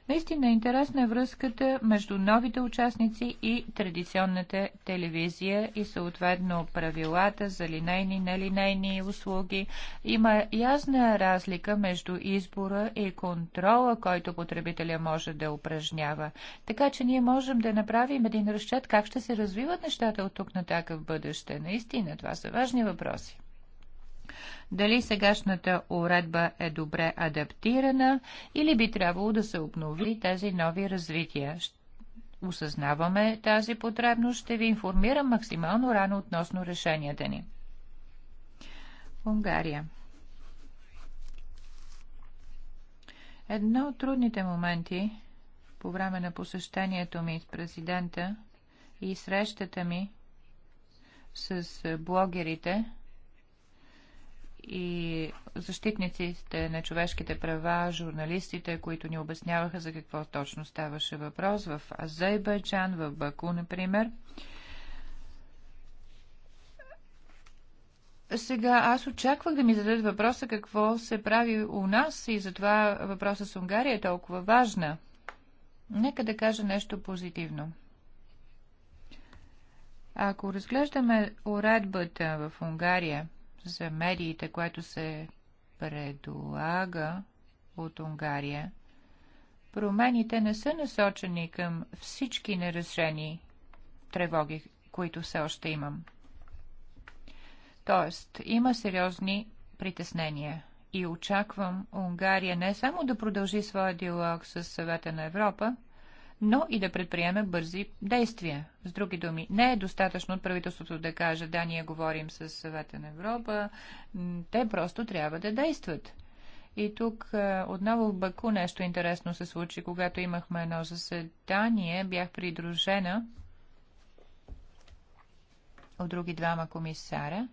Наистина е интересна е връзката между новите участници и традиционната телевизия и съответно правилата за линейни и нелинейни услуги. Има ясна разлика между избора и контрола, който потребителя може да упражнява. Така че ние можем да направим един разчет как ще се развиват нещата от тук така в бъдеще. Наистина, това са важни въпроси. Дали сегашната уредба е добре адаптирана или би трябвало да се обнови тези нови развития? Осъзнаваме тази потребност, ще ви информирам максимално рано относно решенията ни. Унгария. Едно от трудните моменти по време на посещението ми с президента и срещата ми с блогерите и защитниците на човешките права, журналистите, които ни обясняваха за какво точно ставаше въпрос в Азербайджан, в Баку, например. Сега аз очаквах да ми зададат въпроса какво се прави у нас и затова въпроса с Унгария е толкова важна. Нека да кажа нещо позитивно. Ако разглеждаме уредбата в Унгария, за медиите, което се предлага от Унгария, промените не са насочени към всички нерешени тревоги, които все още имам. Тоест, има сериозни притеснения и очаквам Унгария не само да продължи своя диалог с съвета на Европа, но и да предприеме бързи действия. С други думи, не е достатъчно от правителството да каже, да, ние говорим с съвета на Европа, те просто трябва да действат. И тук е, отново в Баку нещо интересно се случи. Когато имахме едно заседание, бях придружена от други двама комисара.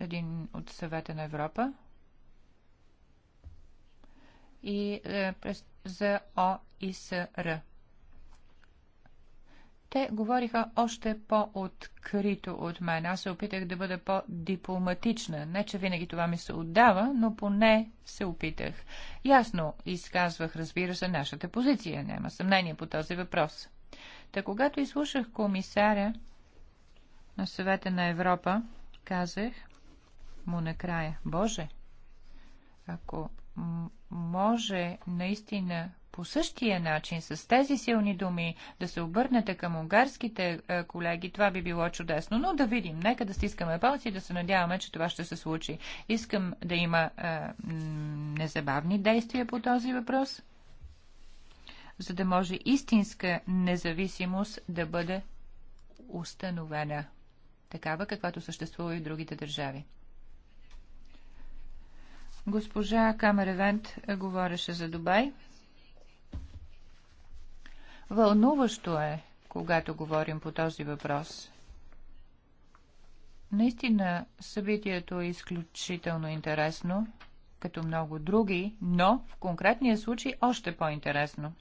един от съвета на Европа и е, за О, и СР. Те говориха още по-открито от мен. Аз се опитах да бъда по-дипломатична. Не, че винаги това ми се отдава, но поне се опитах. Ясно изказвах, разбира се, нашата позиция. Няма съмнение по този въпрос. Та когато изслушах комисаря на съвета на Европа, казах му накрая, Боже, ако може наистина по същия начин, с тези силни думи, да се обърнете към унгарските е, колеги, това би било чудесно. Но да видим, нека да стискаме палци и да се надяваме, че това ще се случи. Искам да има е, незабавни действия по този въпрос, за да може истинска независимост да бъде установена. Такава, каквато съществува и в другите държави. Госпожа Камеревент е, говореше за Дубай. Вълнуващо е, когато говорим по този въпрос. Наистина събитието е изключително интересно, като много други, но в конкретния случай още по-интересно.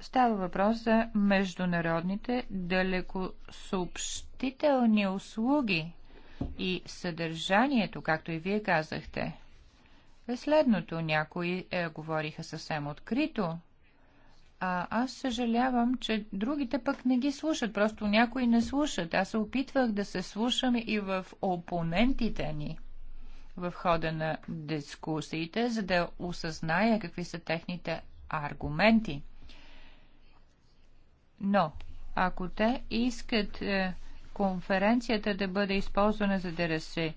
Става въпрос за международните далекосъобщителни услуги и съдържанието, както и вие казахте – е следното. Някои е, говориха съвсем открито, а аз съжалявам, че другите пък не ги слушат. Просто някои не слушат. Аз се опитвах да се слушам и в опонентите ни в хода на дискусиите, за да осъзная какви са техните аргументи. Но, ако те искат е, конференцията да бъде използвана за да се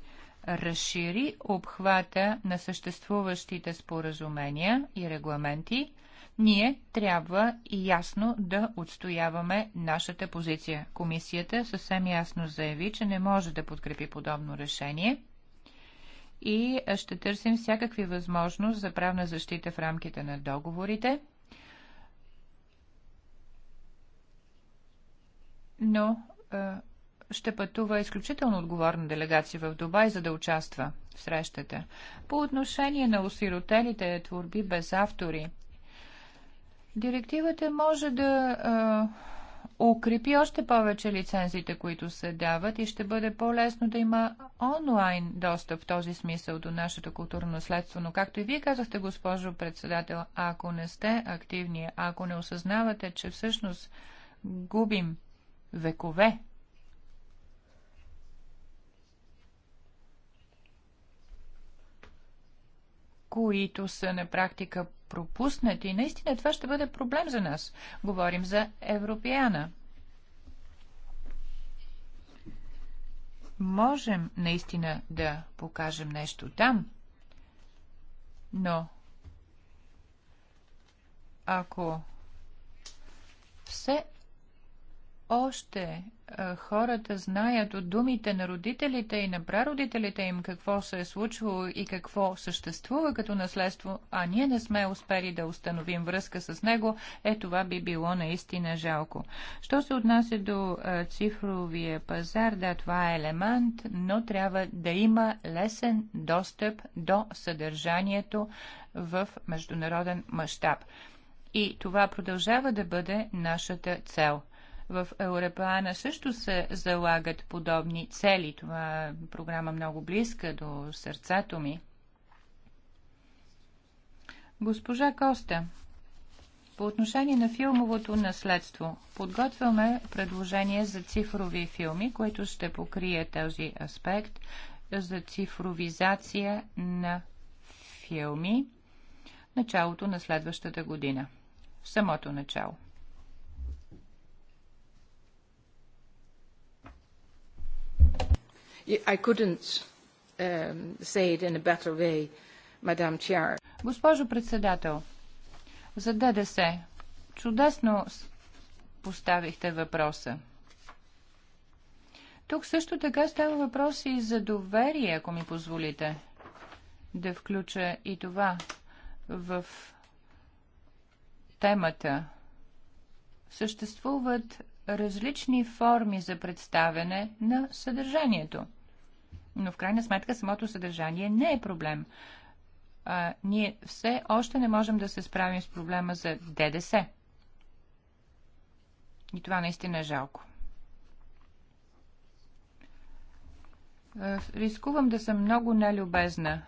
разшири обхвата на съществуващите споразумения и регламенти, ние трябва ясно да отстояваме нашата позиция. Комисията съвсем ясно заяви, че не може да подкрепи подобно решение и ще търсим всякакви възможности за правна защита в рамките на договорите. Но ще пътува изключително отговорна делегация в Дубай, за да участва в срещата. По отношение на осиротелите творби без автори, директивата може да а, укрепи още повече лицензите, които се дават и ще бъде по-лесно да има онлайн достъп в този смисъл до нашето културно наследство. Но както и вие казахте, госпожо председател, ако не сте активни, ако не осъзнавате, че всъщност губим векове които са на практика пропуснати. Наистина това ще бъде проблем за нас. Говорим за европеяна. Можем наистина да покажем нещо там, но ако все още хората знаят от думите на родителите и на прародителите им какво се е случвало и какво съществува като наследство, а ние не сме успели да установим връзка с него, е това би било наистина жалко. Що се отнася до цифровия пазар, да, това е елемент, но трябва да има лесен достъп до съдържанието в международен мащаб. И това продължава да бъде нашата цел – в Еурепана също се залагат подобни цели. Това е програма много близка до сърцето ми. Госпожа Коста, по отношение на филмовото наследство, подготвяме предложение за цифрови филми, които ще покрие този аспект за цифровизация на филми началото на следващата година. В самото начало. I couldn't um, say it in a better way, Madam Chair. Госпожо председател, за ДДС. Чудесно поставихте въпроса. Тук също така става въпрос и за доверие, ако ми позволите да включа и това в темата. Съществуват различни форми за представяне на съдържанието. Но в крайна сметка самото съдържание не е проблем. А, ние все още не можем да се справим с проблема за ДДС. И това наистина е жалко. А, рискувам да съм много нелюбезна.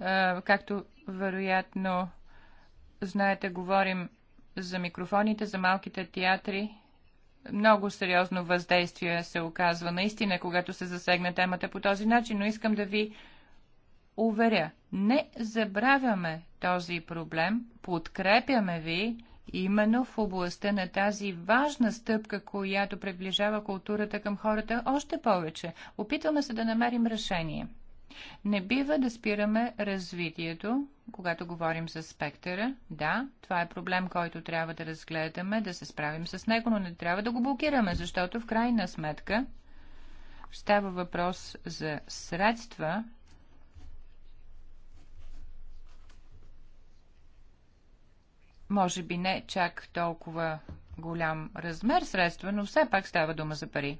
А, както вероятно знаете, говорим за микрофоните, за малките театри. Много сериозно въздействие се оказва наистина, когато се засегне темата по този начин, но искам да ви уверя, не забравяме този проблем, подкрепяме ви именно в областта на тази важна стъпка, която приближава културата към хората още повече. Опитваме се да намерим решение. Не бива да спираме развитието, когато говорим за спектъра. Да, това е проблем, който трябва да разгледаме, да се справим с него, но не трябва да го блокираме, защото в крайна сметка става въпрос за средства, може би не чак толкова голям размер средства, но все пак става дума за пари.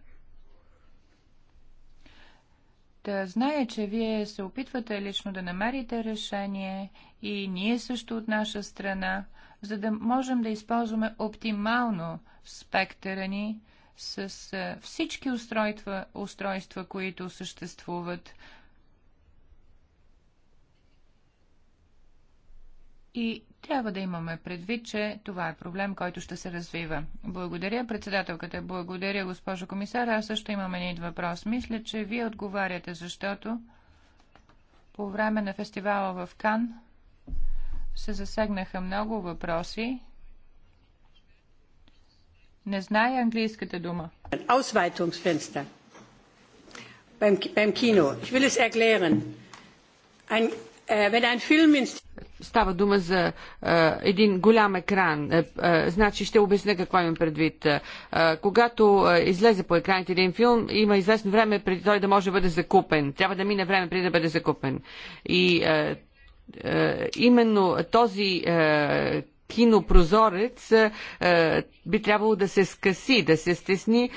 Да Зная, че вие се опитвате лично да намерите решение и ние също от наша страна, за да можем да използваме оптимално спектъра ни с всички устройства, устройства които съществуват, и трябва да имаме предвид, че това е проблем, който ще се развива. Благодаря, председателката. Благодаря, госпожо комисар. Аз също имам един въпрос. Мисля, че вие отговаряте, защото по време на фестивала в Кан се засегнаха много въпроси. Не знае английската дума. Ausweitungsfenster beim, beim Kino. Ich will es erklären. Ein е, Става дума за е, един голям екран. Е, значи ще обясня какво имам предвид. когато излезе по екраните един филм, има известно време преди той да може да бъде закупен. Трябва да мине време преди да бъде закупен. И именно този кинопрозорец е, е, би трябвало да се скъси, да се стесни,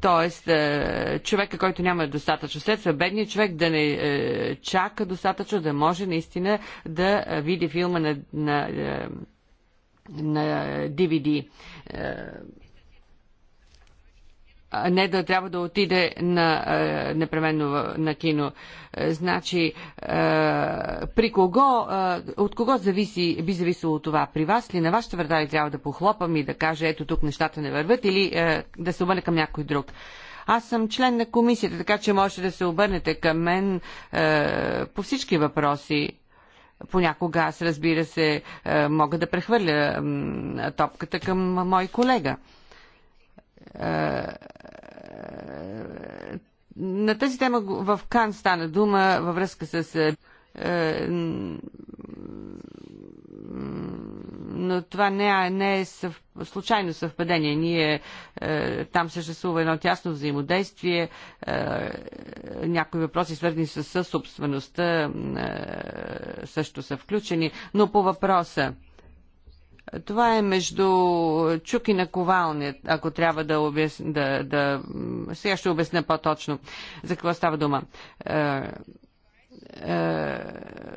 т.е. Е, човека, който няма достатъчно средства, бедният човек да не чака достатъчно, да може наистина да види филма на, на, на DVD не да трябва да отиде на, непременно на кино. значи, при кого, от кого зависи, би зависело това? При вас ли, на вашата врата ли трябва да похлопам и да кажа, ето тук нещата не върват или да се обърне към някой друг? Аз съм член на комисията, така че можете да се обърнете към мен по всички въпроси. Понякога аз, разбира се, мога да прехвърля топката към мой колега. Е, е, на тази тема в Кан стана дума във връзка с е, но това не, не е съв, случайно съвпадение. Ние е, там съществува едно тясно взаимодействие. Е, някои въпроси, свързани с собствеността, е, също са включени. Но по въпроса. Е, това е между чук и наковални, ако трябва да обясня. Да, да... Сега ще обясня по-точно за какво става дума. Е, е,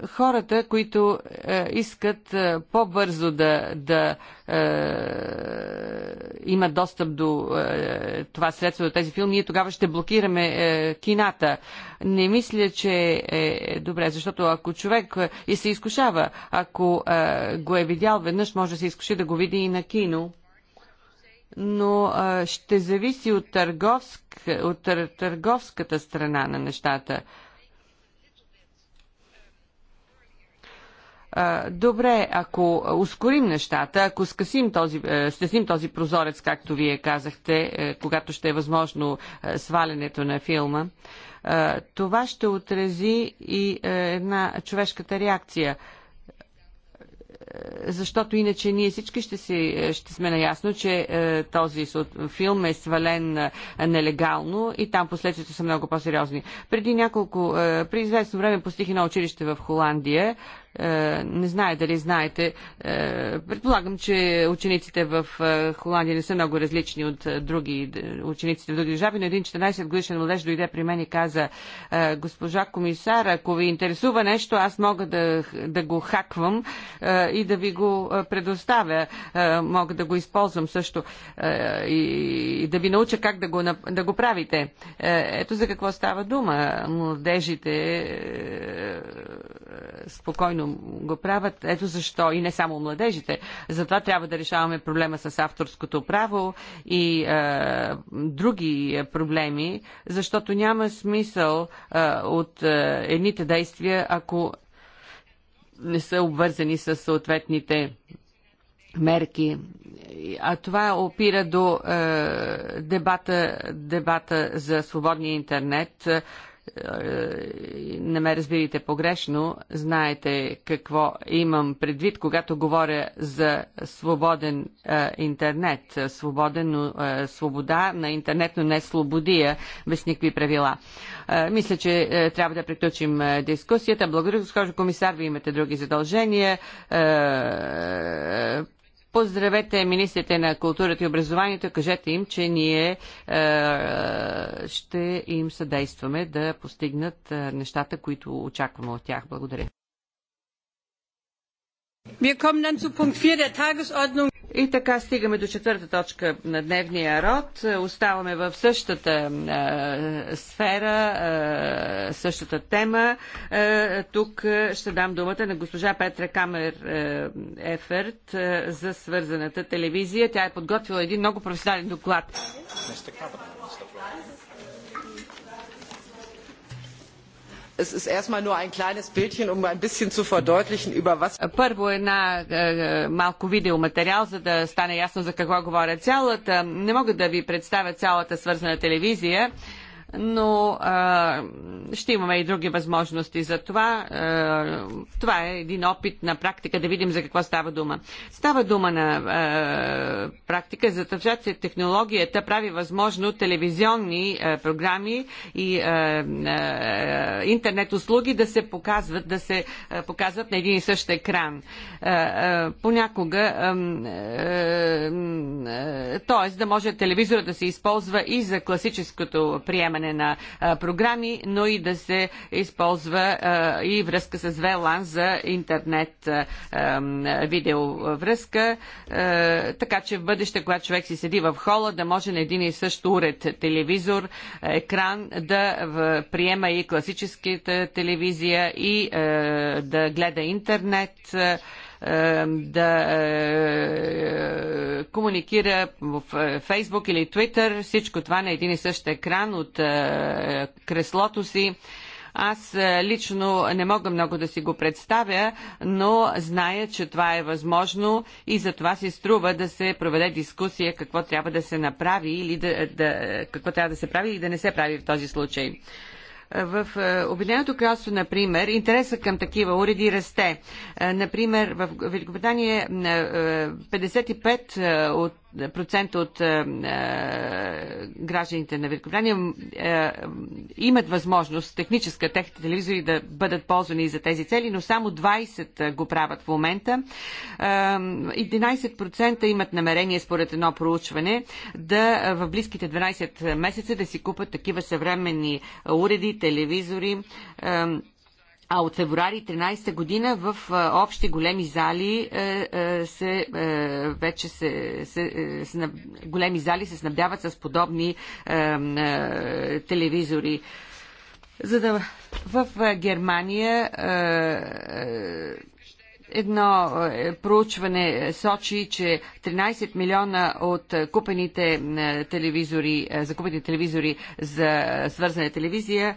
хората, които е, искат по-бързо да, да имат достъп до е, това средство, до тези филми, ние тогава ще блокираме е, кината. Не мисля, че е, е добре, защото ако човек е, и се изкушава, ако е, го е видял веднъж, може да се изкуши да го види и на кино но е, ще зависи от, търговск, от търговската страна на нещата. Добре, ако ускорим нещата, ако скъсим този, е, стесним този прозорец, както вие казахте, е, когато ще е възможно е, свалянето на филма, това ще отрази и една човешката реакция защото иначе ние всички ще, си, ще сме наясно, че е, този филм е свален е, нелегално и там последствията са много по-сериозни. Преди няколко, е, при известно време постихи едно училище в Холандия, е, не знае дали знаете. Е, предполагам, че учениците в е, Холандия не са много различни от други учениците в други държави, но един 14 годишен младеж дойде при мен и каза, госпожа комисар, ако ви интересува нещо, аз мога да, да го хаквам и да ви го предоставя. Мога да го използвам също и да ви науча как да го, да го правите. Ето за какво става дума. Младежите спокойно го правят. Ето защо и не само младежите. Затова трябва да решаваме проблема с авторското право и е, други проблеми, защото няма смисъл е, от е, едните действия, ако не са обвързани с съответните мерки. А това опира до е, дебата, дебата за свободния интернет, е, не ме разбирайте погрешно, знаете какво имам предвид, когато говоря за свободен а, е, интернет, свободен, а, е, свобода на интернет, но не слободия, без никакви правила. А, мисля, че а, трябва да приключим а, дискусията. Благодаря, госпожо комисар, ви имате други задължения. А, Поздравете министрите на културата и образованието. Кажете им, че ние е, ще им съдействаме да постигнат е, нещата, които очакваме от тях. Благодаря. И така стигаме до четвърта точка на дневния род. Оставаме в същата е, сфера, е, същата тема. Е, тук ще дам думата на госпожа Петра Камер е, Еферт е, за свързаната телевизия. Тя е подготвила един много професионален доклад. Първо една е, е, малко видеоматериал, за да стане ясно за какво говоря цялата. Не мога да ви представя цялата свързана телевизия но а, ще имаме и други възможности за това. А, това е един опит на практика да видим за какво става дума. Става дума на а, практика за това, че технологията прави възможно телевизионни а, програми и а, а, интернет услуги да се показват, да се а, показват на един и същ екран. А, а, понякога, т.е. да може телевизора да се използва и за класическото приемане прилагане на програми, но и да се използва и връзка с VLAN за интернет видеовръзка, така че в бъдеще, когато човек си седи в хола, да може на един и също уред телевизор, екран да приема и класическата телевизия и да гледа интернет да е, комуникира в Фейсбук или Твитър, всичко това на един и същ екран от е, креслото си. Аз е, лично не мога много да си го представя, но зная, че това е възможно и за това си струва да се проведе дискусия какво трябва да се направи или да, да, какво трябва да се прави и да не се прави в този случай. В е, Обединеното кралство, например, интересът към такива уреди расте. Е, например, в Великобритания 55 е, от процента от е, е, гражданите на Великобритания е, имат възможност техническа, техните телевизори да бъдат ползвани за тези цели, но само 20 е, го правят в момента. Е, 11% имат намерение, според едно проучване, да е, в близките 12 месеца да си купат такива съвременни уреди, телевизори. Е, а от февруари 13 година в е, общи големи зали е, е, се, вече се, се, се, големи зали се снабдяват с подобни телевизори. За да в Германия едно проучване сочи, че 13 милиона от купените телевизори, закупените телевизори за свързана телевизия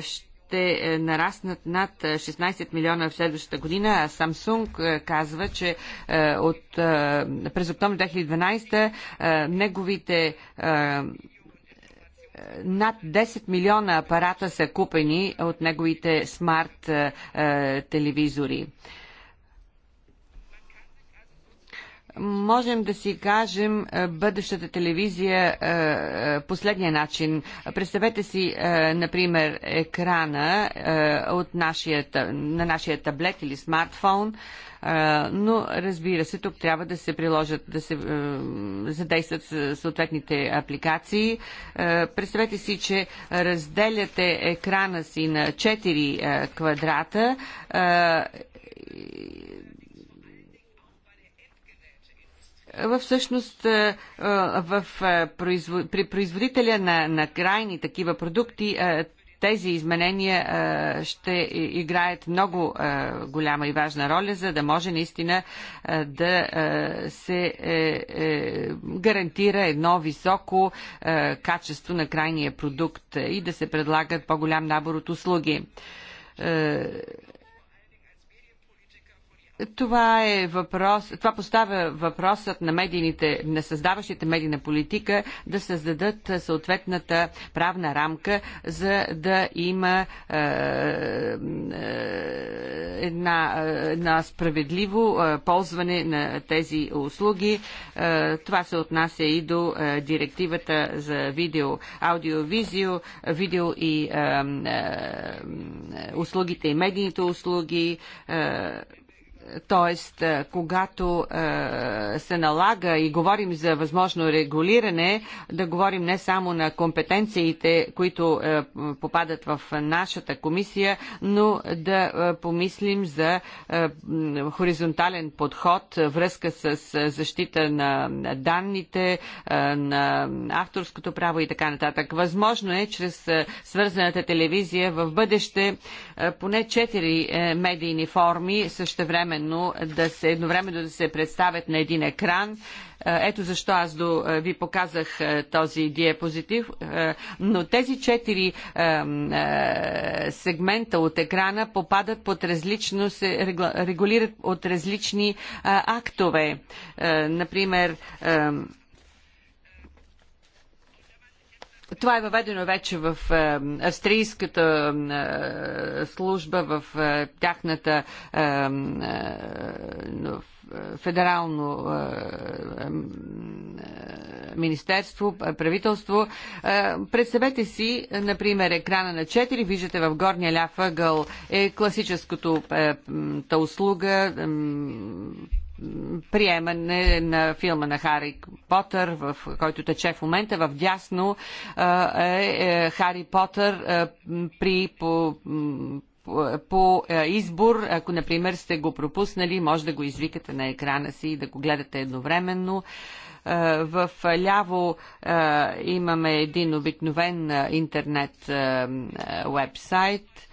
ще ще е, нараснат над 16 е, милиона в следващата година, Samsung е, казва, че от, през октомври 2012 неговите над 10 милиона апарата са купени от неговите смарт телевизори. можем да си кажем е, бъдещата телевизия е, е, последния начин. Представете си, например, екрана от нашия, на нашия таблет или смартфон, но разбира се, тук трябва да се приложат, да се задействат съответните апликации. Представете си, че разделяте екрана си на 4 квадрата всъщност е, е, в, е, при производителя на, на крайни такива продукти тези изменения ще играят много голяма и важна роля, за да може наистина да се гарантира едно високо качество на крайния продукт и да се предлагат по-голям набор от услуги това е въпрос, това поставя въпросът на медийните, на създаващите медийна политика да създадат съответната правна рамка, за да има е, е, една, една справедливо е, ползване на тези услуги. Е, това се отнася и до е, директивата за видео, аудио-визио, видео и е, е, услугите и медийните услуги. Е, Тоест, е, когато е, се налага и говорим за възможно регулиране, да говорим не само на компетенциите, които е, попадат в нашата комисия, но да е, помислим за е, хоризонтален подход, връзка с е, защита на данните, на авторското право и така нататък. Възможно е чрез свързаната телевизия в бъдеще поне четири медийни форми същевременно едновременно да се, едновременно да се представят на един екран. Е, ето защо аз до, е, ви показах е, този диапозитив. Но тези четири сегмента от екрана попадат под различно, се регулират от различни актове. Например, Това е въведено вече в е, австрийската е, служба, в е, тяхната федерално министерство, правителство. Представете си, например, екрана на 4, виждате в горния ляв ъгъл е класическото услуга, приемане на филма на Хари Потър, в който тече в момента. В дясно е, е Хари Потър при по, по избор, ако, например, сте го пропуснали, може да го извикате на екрана си и да го гледате едновременно. В ляво имаме един обикновен интернет вебсайт –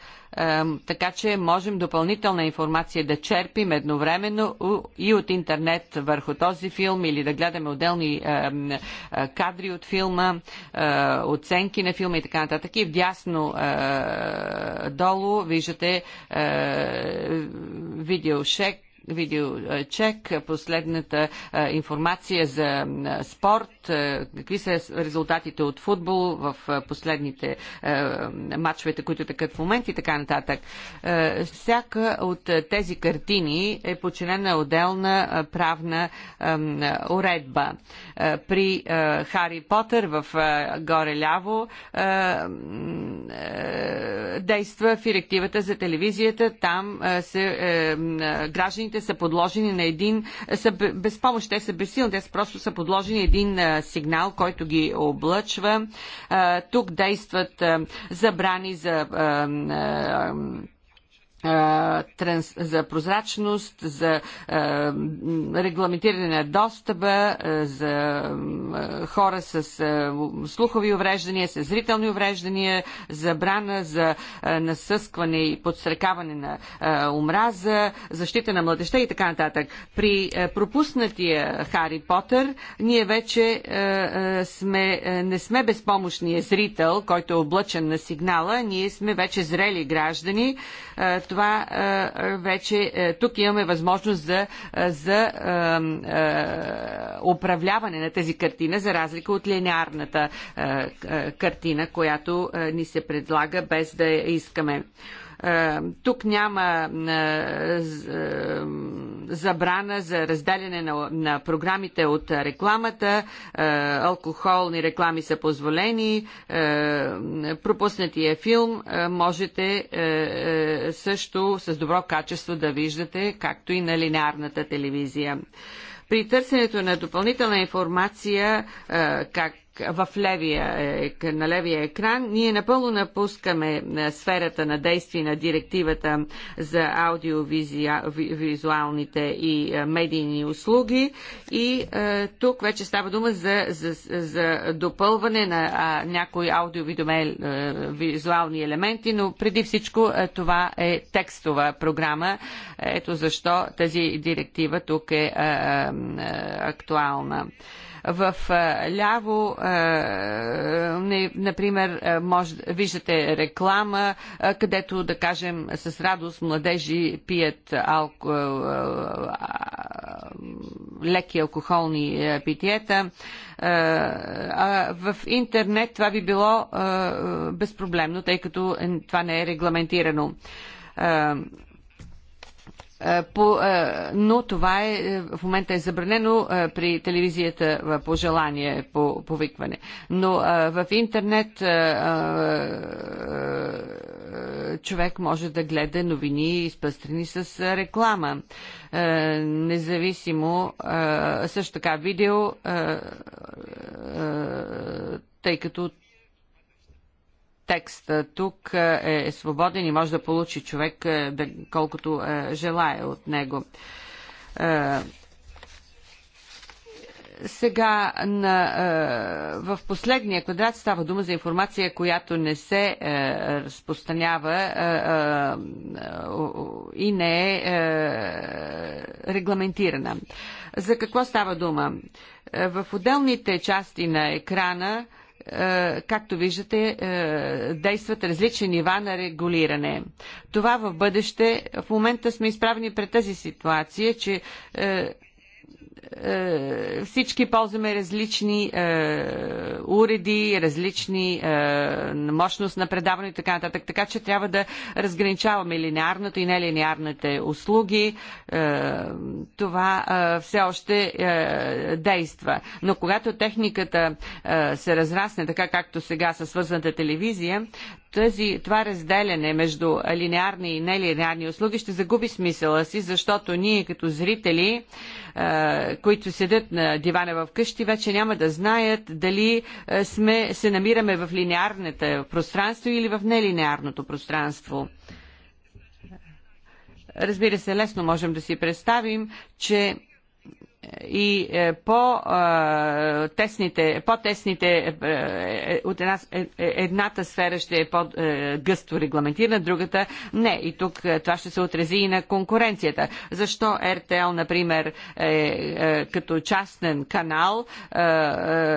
така че можем допълнителна информация да черпим едновременно и от интернет върху този филм или да гледаме отделни е, кадри от филма, е, оценки на филма и така нататък. И вдясно е, долу виждате видеошек видеочек, последната информация за спорт, какви са резултатите от футбол в последните матчовете, които такът в момент и така нататък. Всяка от тези картини е починена отделна правна уредба. При Хари Потър в горе ляво действа в директивата за телевизията. Там се граждани гражданите са подложени на един, са без помощ, те са безсилни, те са просто са подложени един сигнал, който ги облъчва. Тук действат забрани за за прозрачност, за регламентиране на достъпа, за хора с слухови увреждания, с зрителни увреждания, забрана за насъскване и подстрекаване на омраза, защита на младеща и така нататък. При пропуснатия Хари Потър ние вече сме, не сме безпомощния зрител, който е облъчен на сигнала, ние сме вече зрели граждани, това вече е, тук имаме възможност за, за управляване на тази картина, за разлика от линеарната картина, която ни се предлага без да искаме. Е, тук няма е, е, забрана за разделяне на, на програмите от рекламата. Алкохолни реклами са позволени. Пропуснатия филм можете също с добро качество да виждате, както и на линеарната телевизия. При търсенето на допълнителна информация, как в левия, е- на левия екран. Ние напълно напускаме е, сферата на действие на директивата за аудиовизуалните и е, медийни услуги и тук вече става дума за, за, за допълване на някои аудиовизуални елементи, но преди всичко това е текстова програма. Ето защо тази директива тук е актуална. В ляво, например, може, виждате реклама, където, да кажем, с радост младежи пият алко... леки алкохолни питиета. А в интернет това би било безпроблемно, тъй като това не е регламентирано е, по, е, но това е, е, в момента е забранено при телевизията по желание, по повикване. Но в интернет човек може да гледа новини, изпъстрени с реклама. Независимо, също така видео, тъй като Текст тук е, е свободен и може да получи човек е, колкото е, желая от него. Сега на, в последния квадрат става дума за информация, която не се разпространява и не е, регламентирана. За какво става дума? В отделните части на екрана е, както виждате, е, действат различни нива на регулиране. Това в бъдеще, в момента сме изправени пред тази ситуация, че е, е, всички ползваме различни е, уреди, различни е, мощност на предаване и така нататък. Така че трябва да разграничаваме линеарното и нелинеарните услуги. Е, това е, все още е, действа. Но когато техниката е, се разрасне така, както сега със свързаната телевизия, тази, това разделяне между линеарни и нелинеарни услуги ще загуби смисъла си, защото ние като зрители, е, които седят на дивана в къщи, вече няма да знаят дали е, сме, се намираме в линеарната пространство или в нелинеарното пространство. Разбира се, лесно можем да си представим, че и е, по-тесните, по-тесните е, от една, е, едната сфера ще е по-гъсто регламентирана, другата не. И тук това ще се отрези и на конкуренцията. Защо РТЛ, например, е, като частен канал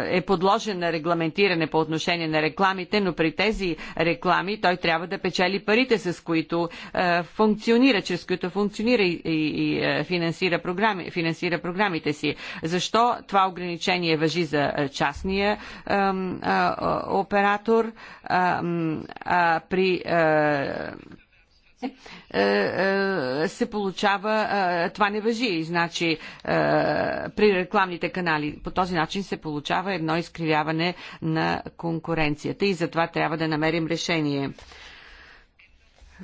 е подложен на регламентиране по отношение на рекламите, но при тези реклами той трябва да печели парите, с които функционира, чрез които функционира и, и, и финансира програми. Финансира програми програмите си. Защо това ограничение въжи за е, частния а, а, оператор а, а при е, е, се получава, това не въжи. Значи, при рекламните канали по този начин се получава едно изкривяване на конкуренцията и затова трябва да намерим решение.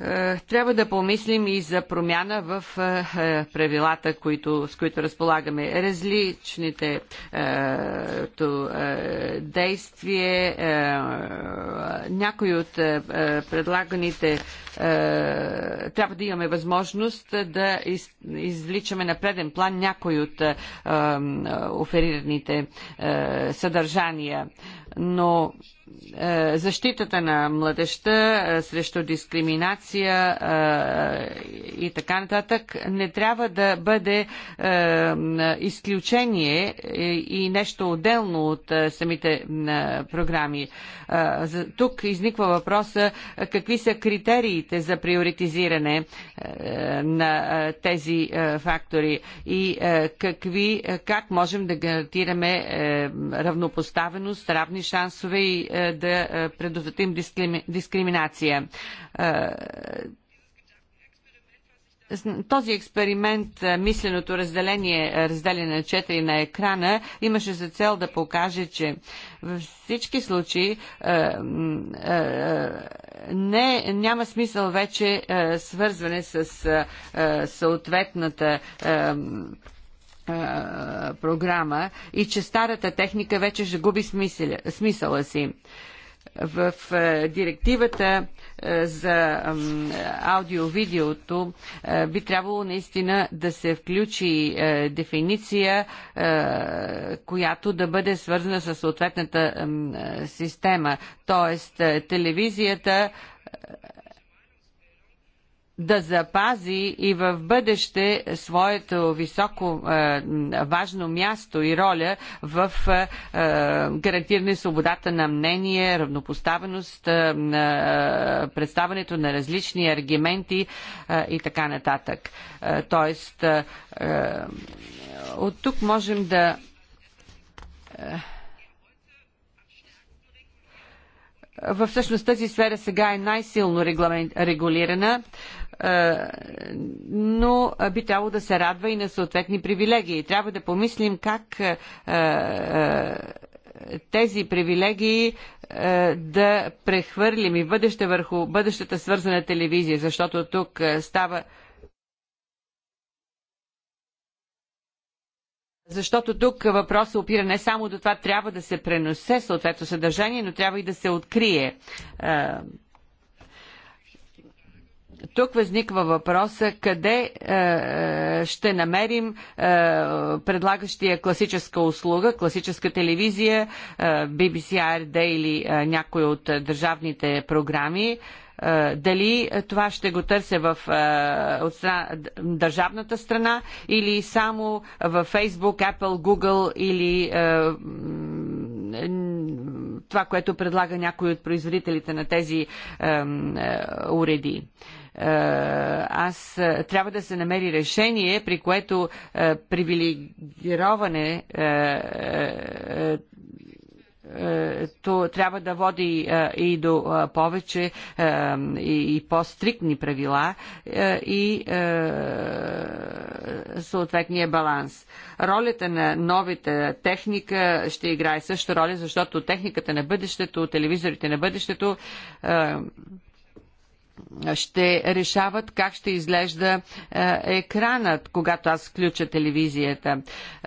Е, трябва да помислим и за промяна в е, е, правилата, които, с които разполагаме. Различните действия то, някои от предлаганите трябва да имаме възможност да изличаме извличаме на преден план някои от оферираните съдържания. Но е, защитата на младеща е, срещу дискриминация е, и така нататък не трябва да бъде изключение и нещо отделно от самите програми. Тук изниква въпроса какви са критериите за приоритизиране на тези фактори и какви, как можем да гарантираме равнопоставеност, равни шансове и е, да е, предотвратим дискрими, дискриминация е, този експеримент, мисленото разделение, разделение на 4 на екрана, имаше за цел да покаже, че във всички случаи не, няма смисъл вече свързване с съответната програма и че старата техника вече ще губи смисъл, смисъла си. В директивата за аудио-видеото би трябвало наистина да се включи дефиниция, която да бъде свързана с съответната система. Тоест, телевизията да запази и в бъдеще своето високо е, важно място и роля в е, е гарантиране свободата на мнение, равнопоставеност, е, е представането на различни аргументи е, и така нататък. тоест, от тук можем да Във всъщност тази сфера сега е най-силно регулирана, но би трябвало да се радва и на съответни привилегии. Трябва да помислим как тези привилегии да прехвърлим и бъдеще върху бъдещата свързана телевизия, защото тук става Защото тук въпросът опира не само до това трябва да се пренесе съответно съдържание, но трябва и да се открие. Е, тук възниква въпроса къде е, е, ще намерим е, предлагащия класическа услуга, класическа телевизия, е, BBC ARD или е, някой от държавните програми. Е, е, дали това ще го търся в е, от страна, държавната страна или само в Facebook, Apple, Google или е, това, което предлага някой от производителите на тези уреди аз трябва да се намери решение, при което привилегироване е, то трябва да води е, и до е, повече и по-стрикни правила и съответния баланс. Ролята на новите техника ще играе също роля, защото техниката на бъдещето, телевизорите на бъдещето ще решават как ще изглежда е, екранът, когато аз включа телевизията.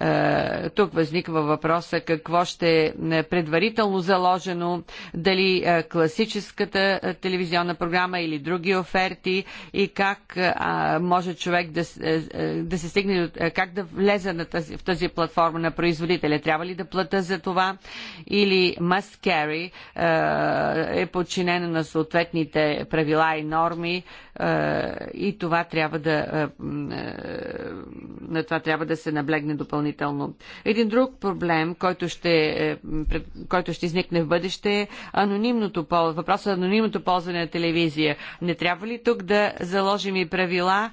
Е, тук възниква въпроса какво ще е предварително заложено, дали е, класическата телевизионна програма или други оферти и как може човек да, да се стигне, как да влезе на тази, в тази платформа на производителя. Трябва ли да плата за това или must carry е подчинена на съответните правила и норми е, и това трябва да е, е, на това трябва да се наблегне допълнително. Един друг проблем, който ще, който ще изникне в бъдеще е анонимното въпросът за анонимното ползване на телевизия. Не трябва ли тук да заложим и правила,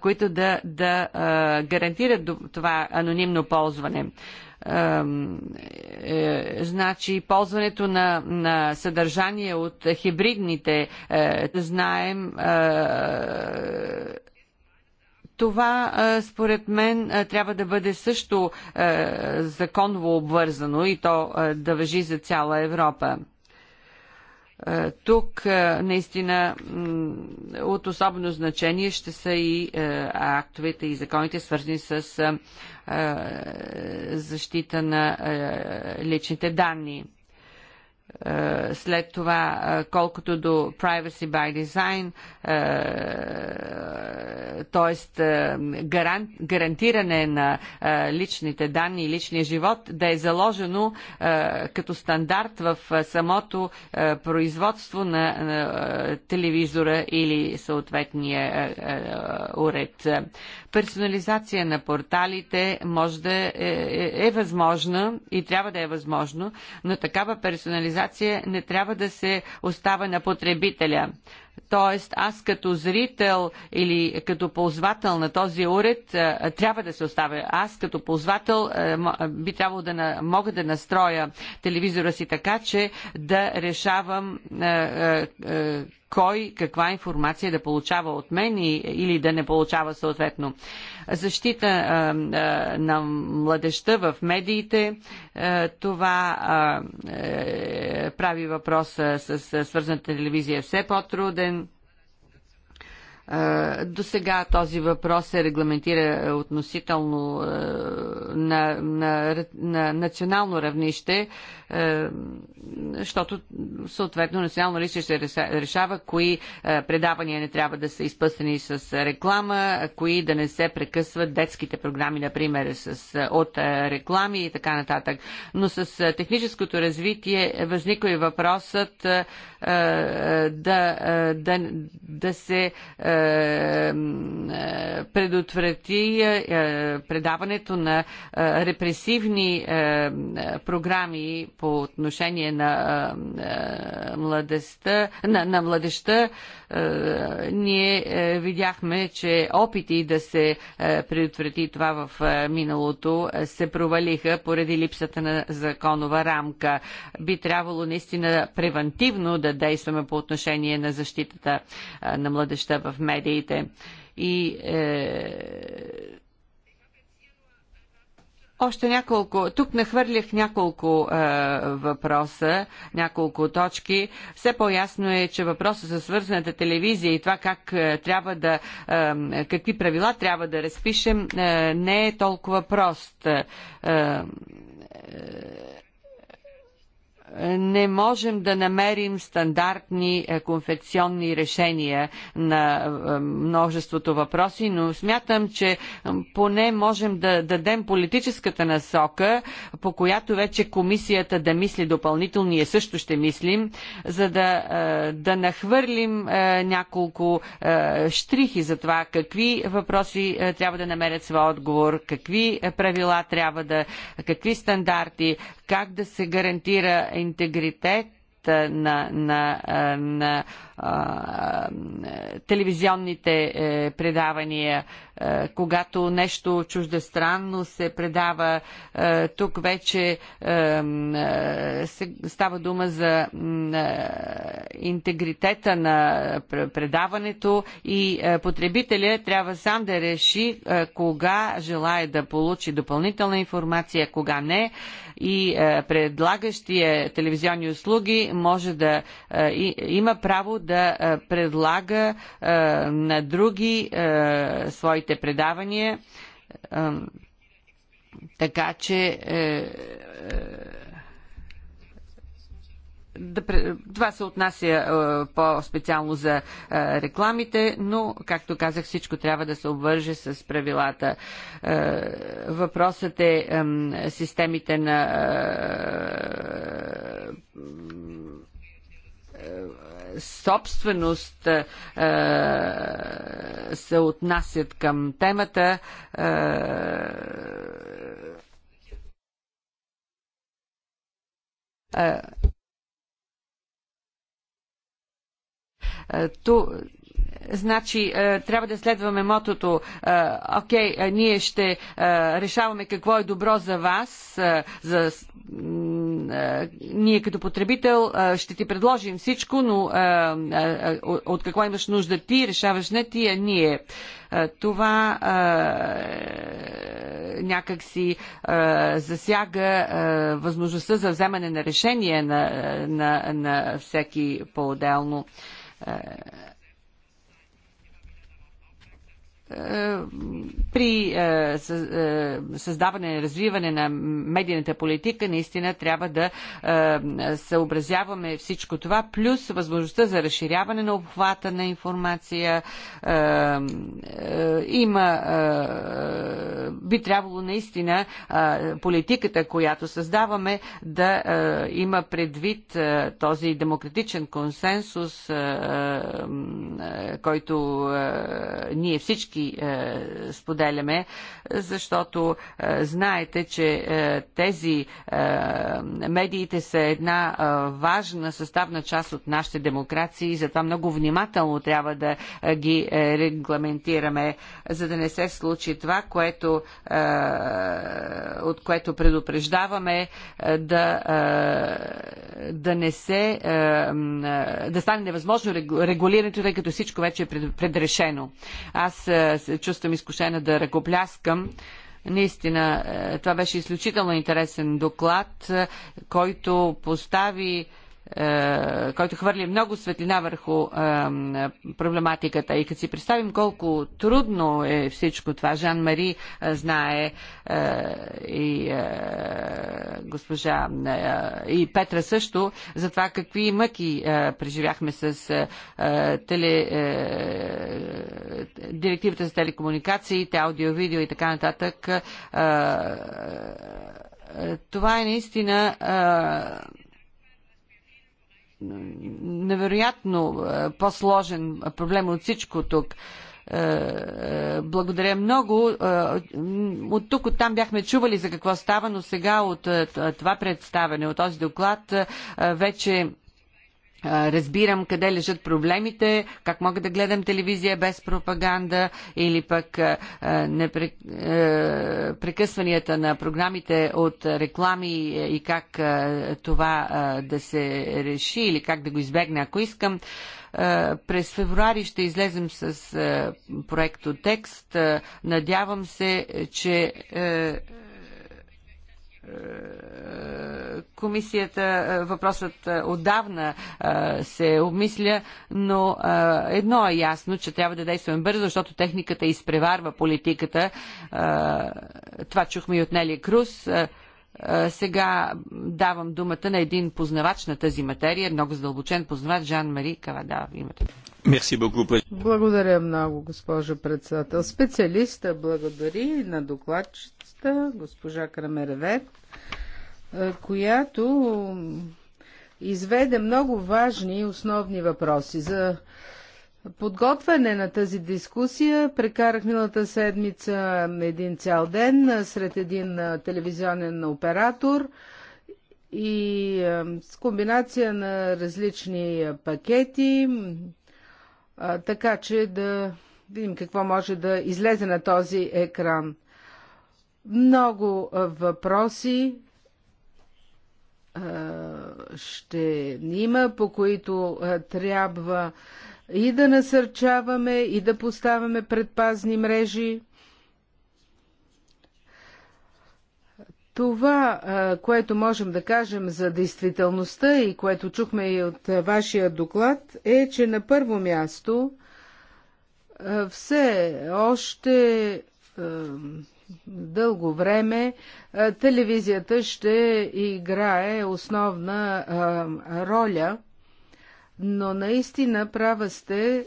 които да, да гарантират това анонимно ползване? Е, значи ползването на, на съдържание от хибридните е, знаем е, това според мен трябва да бъде също законово обвързано и то да въжи за цяла Европа. Е, тук е, наистина от особено значение ще са и е, актовете и законите, свързани с защита на личните данни. Е, след това, е, колкото до privacy by design, т.е. Е, гарантиране на личните данни и личния живот, да е заложено като стандарт в самото производство на телевизора или съответния уред. Персонализация на порталите може да е, е, е възможна и трябва да е възможно, но такава персонализация организация не трябва да се остава на потребителя. Тоест, аз като зрител или като ползвател на този уред е, трябва да се оставя. Аз като ползвател е, би трябвало да на, мога да настроя телевизора си така, че да решавам е, кой каква информация да получава от мен и, или да не получава съответно защита на младеща в медиите. Това е, прави въпроса с свързаната телевизия все по-труден до сега този въпрос се регламентира относително на, на, на национално равнище, защото съответно национално равнище ще решава кои предавания не трябва да са изпъсани с реклама, кои да не се прекъсват детските програми, например, с, от реклами и така нататък. Но с техническото развитие възниква и въпросът да, да, да се е, е, предотврати е, предаването на репресивни програми по отношение на младеща, на, на младеща ние видяхме, че опити да се предотврати това в миналото се провалиха поради липсата на законова рамка. Би трябвало наистина превентивно да действаме по отношение на защитата на младеща в медиите. И е, още няколко, тук нахвърлях няколко е, въпроса, няколко точки. Все по-ясно е, че въпросът със свързаната телевизия и това как е, трябва да, е, какви правила трябва да разпишем, е, не е толкова прост. Е, е, не можем да намерим стандартни е, конфекционни решения на е, множеството въпроси, но смятам, че е, поне можем да дадем политическата насока, по която вече комисията да мисли допълнително, ние също ще мислим, за да, да нахвърлим няколко штрихи за това какви въпроси трябва да намерят своя отговор, какви правила трябва да, какви стандарти, как да се гарантира интегритет на, на, на телевизионните е, предавания, е, когато нещо чуждестранно се предава. Е, тук вече става дума за интегритета на предаването и потребителя трябва сам да реши кога желая да получи допълнителна информация, кога не и предлагащия телевизионни услуги може да има право да да предлага на други своите предавания, така че е, е, да, това се отнася е, по-специално за рекламите, но, както казах, всичко трябва да се обвърже с правилата. въпросът е, системите на собственост е, е, се отнасят към темата. Е, е, е то, Значи, е, трябва да следваме мотото. Е, окей, е, ние ще решаваме какво е добро за вас, за ние като потребител ще ти предложим всичко, но от какво имаш нужда ти, решаваш не ти, а ние. Това някакси засяга възможността за вземане на решение на, на, на всеки по-отделно. Е, при е, е, създаване и развиване на медийната политика наистина трябва да съобразяваме всичко това, плюс възможността за разширяване на обхвата на информация. Има, би трябвало наистина политиката, която създаваме, да има предвид този демократичен консенсус, който ние всички е, споделяме, защото е, знаете, че е, тези медиите са една важна съставна част от нашите демокрации и затова много внимателно трябва да ги регламентираме, за да не се случи това, което, от което предупреждаваме да, да не се да стане невъзможно регулирането, тъй като всичко вече е предрешено. Аз се чувствам изкушена да ръкопляскам. Наистина, е, това беше изключително интересен доклад, е, който постави е, който хвърли много светлина върху проблематиката. И като си представим колко трудно е всичко това, Жан Мари знае и госпожа и Петра също за това какви мъки преживяхме с теле директивата за телекомуникациите, аудио, видео и така нататък. Това е наистина невероятно по-сложен проблем от всичко тук благодаря много. От тук, от там бяхме чували за какво става, но сега от това представене, от този доклад, вече разбирам къде лежат проблемите, как мога да гледам телевизия без пропаганда или пък прекъсванията на програмите от реклами и как това да се реши или как да го избегне, ако искам. През февруари ще излезем с проекто текст. Надявам се, че комисията е, въпросът е, отдавна е, се обмисля, но едно е ясно, че трябва да действаме бързо, защото техниката изпреварва политиката. Това чухме и от Нели Крус. Сега давам думата на един познавач на тази материя, много задълбочен познавач, Жан-Мари Кавада. Имате. Благодаря много, госпожо председател. Специалиста благодари на докладчицата, госпожа Крамеревет, е, която изведе много важни основни въпроси. За подготвяне на тази дискусия прекарах миналата седмица един цял ден сред един е, телевизионен оператор и е, с комбинация на различни пакети а, така че да видим какво може да излезе на този екран. Много въпроси ще има, по които трябва и да насърчаваме, и да поставяме предпазни мрежи. Това, което можем да кажем за действителността и което чухме и от вашия доклад, е, че на първо място все още дълго време телевизията ще играе основна роля, но наистина права сте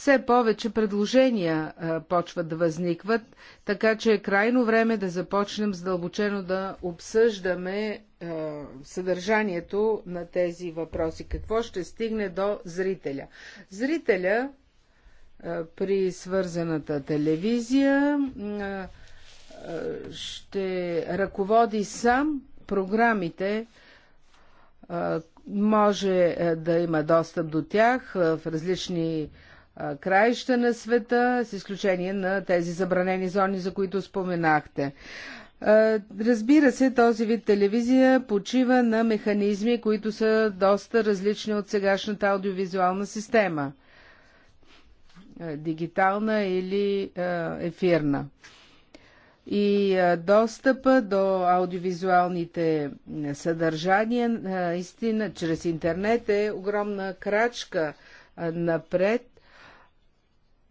все повече предложения почват да възникват, така че е крайно време да започнем задълбочено да обсъждаме съдържанието на тези въпроси. Какво ще стигне до зрителя? Зрителя при свързаната телевизия ще ръководи сам програмите, може да има достъп до тях в различни краища на света, с изключение на тези забранени зони, за които споменахте. Разбира се, този вид телевизия почива на механизми, които са доста различни от сегашната аудиовизуална система дигитална или ефирна. И достъпа до аудиовизуалните съдържания, наистина, чрез интернет е огромна крачка напред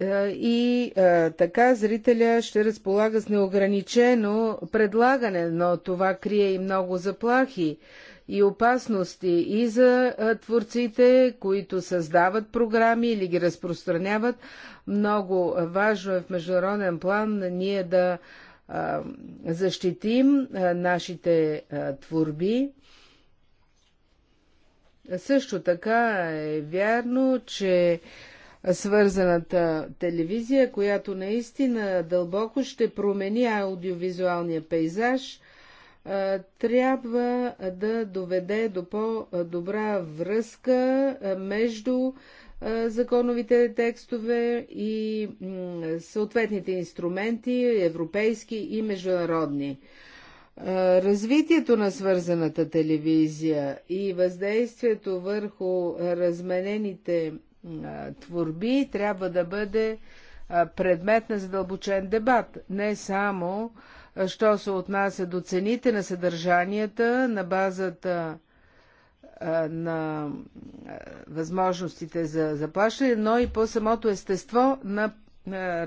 е, и е, така зрителя ще разполага с неограничено предлагане, но това крие и много заплахи и опасности и за е, творците, които създават програми или ги разпространяват. Много важно е в международен план ние да защитим нашите творби. Също така е вярно, че свързаната телевизия, която наистина дълбоко ще промени аудиовизуалния пейзаж, трябва да доведе до по-добра връзка между законовите текстове и съответните инструменти, европейски и международни. Развитието на свързаната телевизия и въздействието върху разменените творби трябва да бъде предмет на задълбочен дебат, не само що се отнася до цените на съдържанията на базата на възможностите за заплащане, но и по самото естество на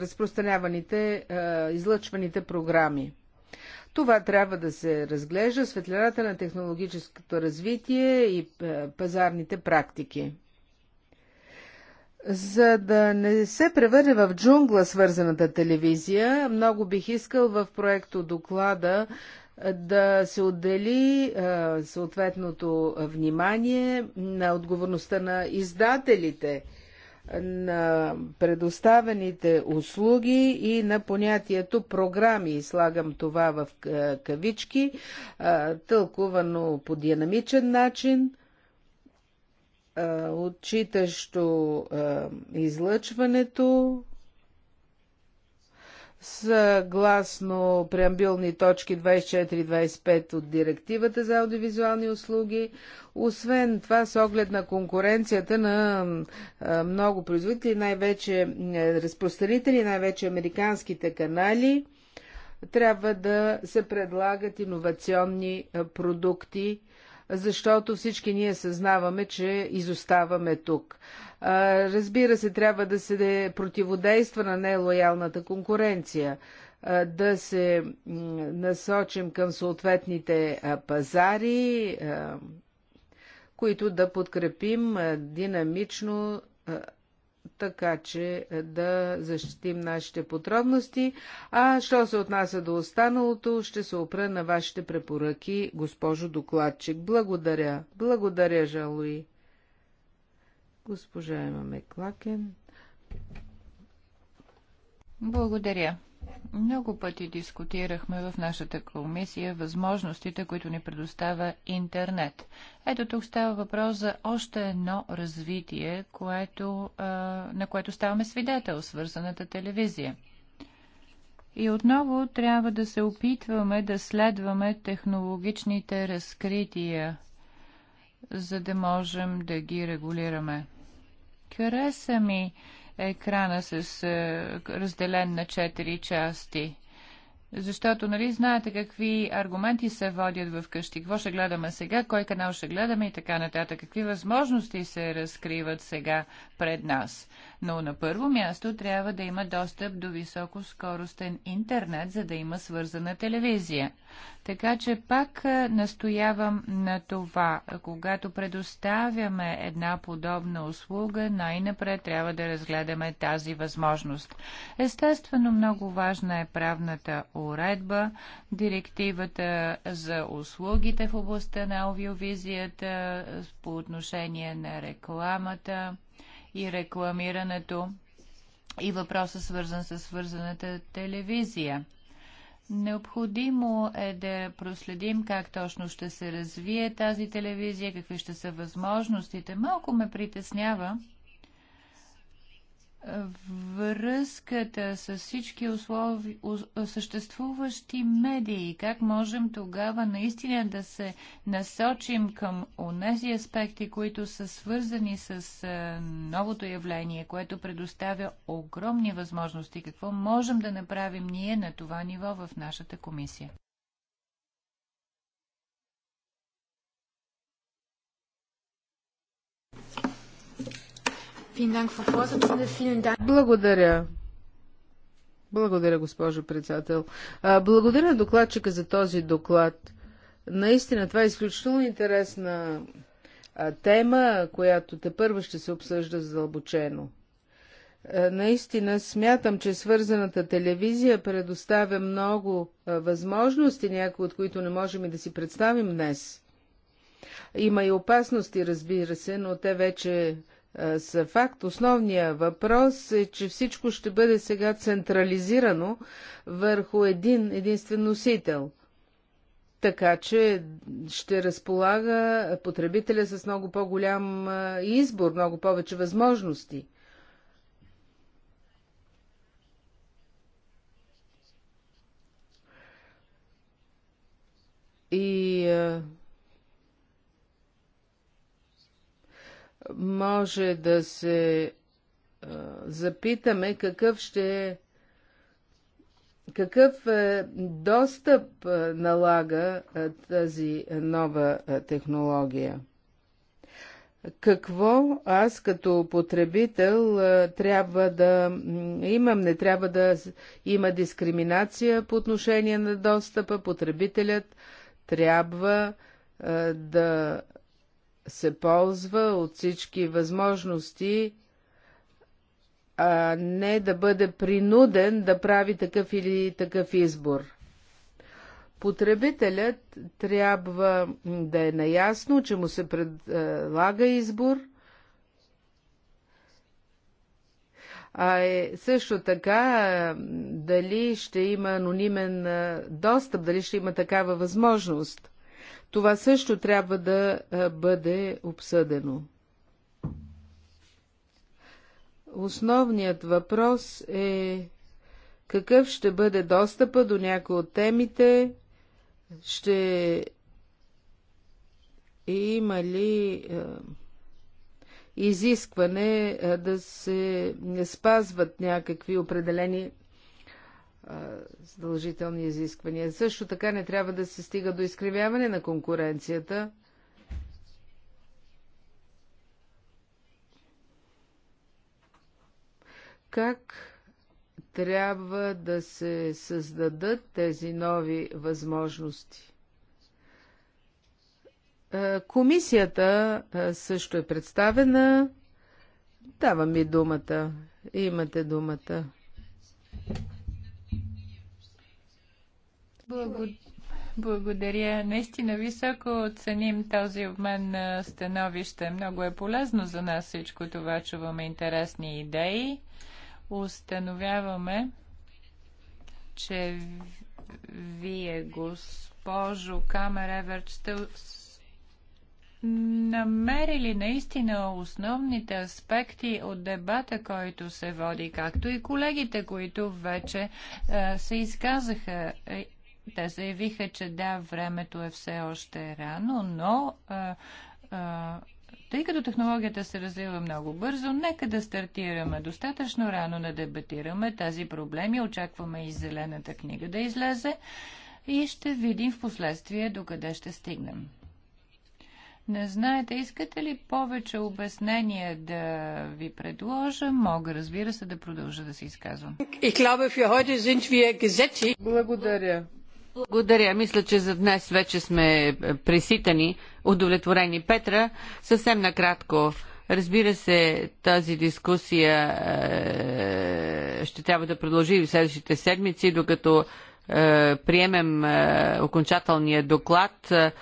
разпространяваните, излъчваните програми. Това трябва да се разглежда светлината на технологическото развитие и пазарните практики. За да не се превърне в джунгла свързаната телевизия, много бих искал в проекто доклада да се отдели съответното внимание на отговорността на издателите, на предоставените услуги и на понятието програми. Слагам това в кавички, тълкувано по динамичен начин – отчитащо излъчването, съгласно преамбилни точки 24-25 от Директивата за аудиовизуални услуги. Освен това, с оглед на конкуренцията на много производители, най-вече разпространители, най-вече американските канали, трябва да се предлагат иновационни продукти, защото всички ние съзнаваме, че изоставаме тук. Разбира се, трябва да се противодейства на нелоялната конкуренция, да се насочим към съответните пазари, които да подкрепим динамично така че е, да защитим нашите подробности. А що се отнася до останалото, ще се опра на вашите препоръки, госпожо докладчик. Благодаря. Благодаря, Жалуи. Госпожа Ема Меклакен. Благодаря. Много пъти дискутирахме в нашата комисия възможностите, които ни предоставя интернет. Ето тук става въпрос за още едно развитие, което, на което ставаме свидетел, свързаната телевизия. И отново трябва да се опитваме да следваме технологичните разкрития, за да можем да ги регулираме. Хареса ми екрана с е, разделен на четири части. Защото, нали, знаете какви аргументи се водят в къщи, какво ще гледаме сега, кой канал ще гледаме и така нататък, какви възможности се разкриват сега пред нас. Но на първо място трябва да има достъп до високоскоростен интернет, за да има свързана телевизия. Така че пак настоявам на това, когато предоставяме една подобна услуга, най-напред трябва да разгледаме тази възможност. Естествено, много важна е правната услуга уредба, директивата за услугите в областта на аудиовизията по отношение на рекламата и рекламирането и въпроса свързан с свързаната телевизия. Необходимо е да проследим как точно ще се развие тази телевизия, какви ще са възможностите. Малко ме притеснява, връзката с всички услови, съществуващи медии. Как можем тогава наистина да се насочим към онези аспекти, които са свързани с новото явление, което предоставя огромни възможности? Какво можем да направим ние на това ниво в нашата комисия? Благодаря. Благодаря, госпожо председател. Благодаря докладчика за този доклад. Наистина, това е изключително интересна тема, която те първо ще се обсъжда задълбочено. Наистина смятам, че свързаната телевизия предоставя много възможности, някои от които не можем и да си представим днес. Има и опасности, разбира се, но те вече е, са факт. Основният въпрос е, че всичко ще бъде сега централизирано върху един единствен носител. Така че ще разполага потребителя с много по-голям е, избор, много повече възможности. И е, може да се запитаме какъв ще е какъв е, достъп налага тази нова технология? Какво аз като потребител трябва да имам? Не трябва да има дискриминация по отношение на достъпа. Потребителят трябва да се ползва от всички възможности, а не да бъде принуден да прави такъв или такъв избор. Потребителят трябва да е наясно, че му се предлага избор, а е също така дали ще има анонимен достъп, дали ще има такава възможност. Това също трябва да бъде обсъдено. Основният въпрос е какъв ще бъде достъпа до някои от темите, ще има ли изискване да се не спазват някакви определени задължителни изисквания. Също така не трябва да се стига до изкривяване на конкуренцията. Как трябва да се създадат тези нови възможности? Комисията също е представена. Давам ми думата. Имате думата. Благодаря. Наистина високо оценим този обмен на становище. Много е полезно за нас всичко това. Чуваме интересни идеи. Установяваме, че вие, госпожо Камереверт, сте намерили наистина основните аспекти от дебата, който се води, както и колегите, които вече е, се изказаха. Е, те заявиха, че да, времето е все още рано, но а, а, тъй като технологията се развива много бързо, нека да стартираме достатъчно рано да дебатираме тази проблеми. Очакваме и зелената книга да излезе и ще видим в последствие докъде ще стигнем. Не знаете, искате ли повече обяснения да ви предложа? Мога, разбира се, да продължа да се изказвам. Благодаря. Благодаря. Мисля, че за днес вече сме преситани, удовлетворени. Петра, съвсем накратко. Разбира се, тази дискусия е, ще трябва да продължи в следващите седмици, докато е, приемем е, окончателния доклад, е,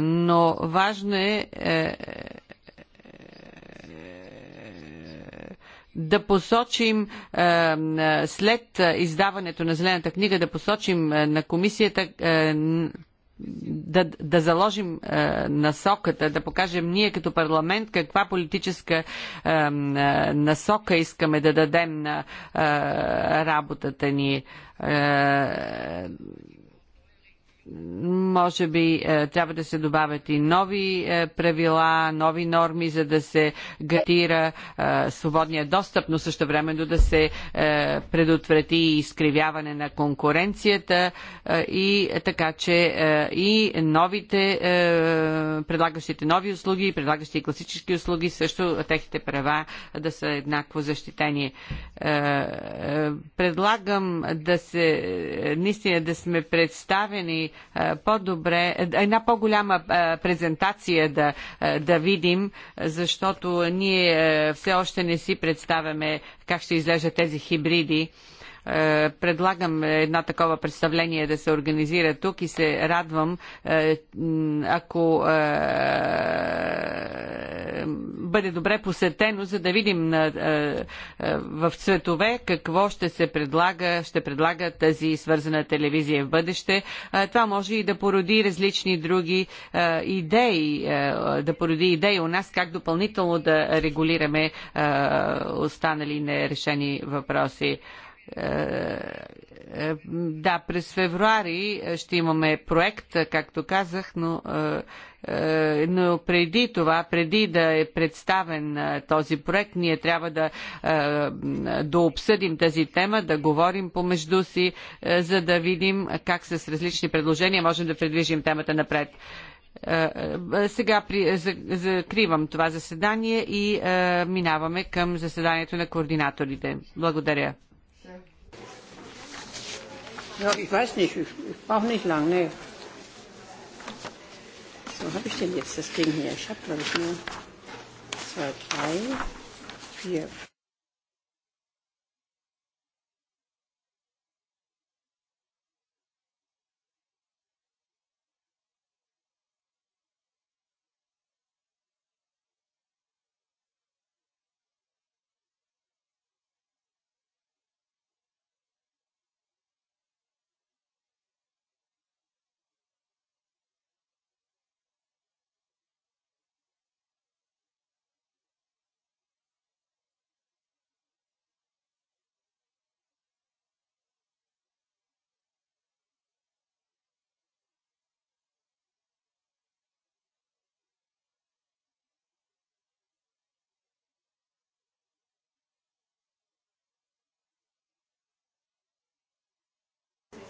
но важно е, е да посочим е, е, след издаването на Зелената книга, да посочим е, на комисията да, да заложим е, насоката, да покажем ние като парламент каква политическа е, е, насока искаме да дадем на е, работата ни. Е, може би е, трябва да се добавят и нови е, правила, нови норми, за да се гарантира е, свободния достъп, но също времено да се предотврати изкривяване на конкуренцията и така, че и новите, предлагащите нови услуги и предлагащи класически услуги, също техните права да са еднакво защитени. Предлагам да се, наистина да сме представени по по-добре, една по-голяма презентация да, да видим, защото ние все още не си представяме как ще изглеждат тези хибриди. Е, предлагам едно такова представление да се организира тук и се радвам, е, ако е, бъде добре посетено, за да видим в цветове какво ще се предлага, ще предлага тази свързана телевизия в бъдеще. Това може и да породи различни други идеи, да породи идеи у нас как допълнително да регулираме останали нерешени въпроси. Е, е, да, през февруари е, ще имаме проект, както казах, но, но преди това, преди да е представен този проект, ние трябва да, да обсъдим тази тема, да говорим помежду си, за да видим как с различни предложения можем да предвижим темата напред. Сега при, закривам това заседание и минаваме към заседанието на координаторите. Благодаря. Ja, ich weiß nicht, ich, ich brauche nicht lang, nee. So, habe ich denn jetzt das Ding hier? Ich habe, glaube ich, nur zwei, drei, vier,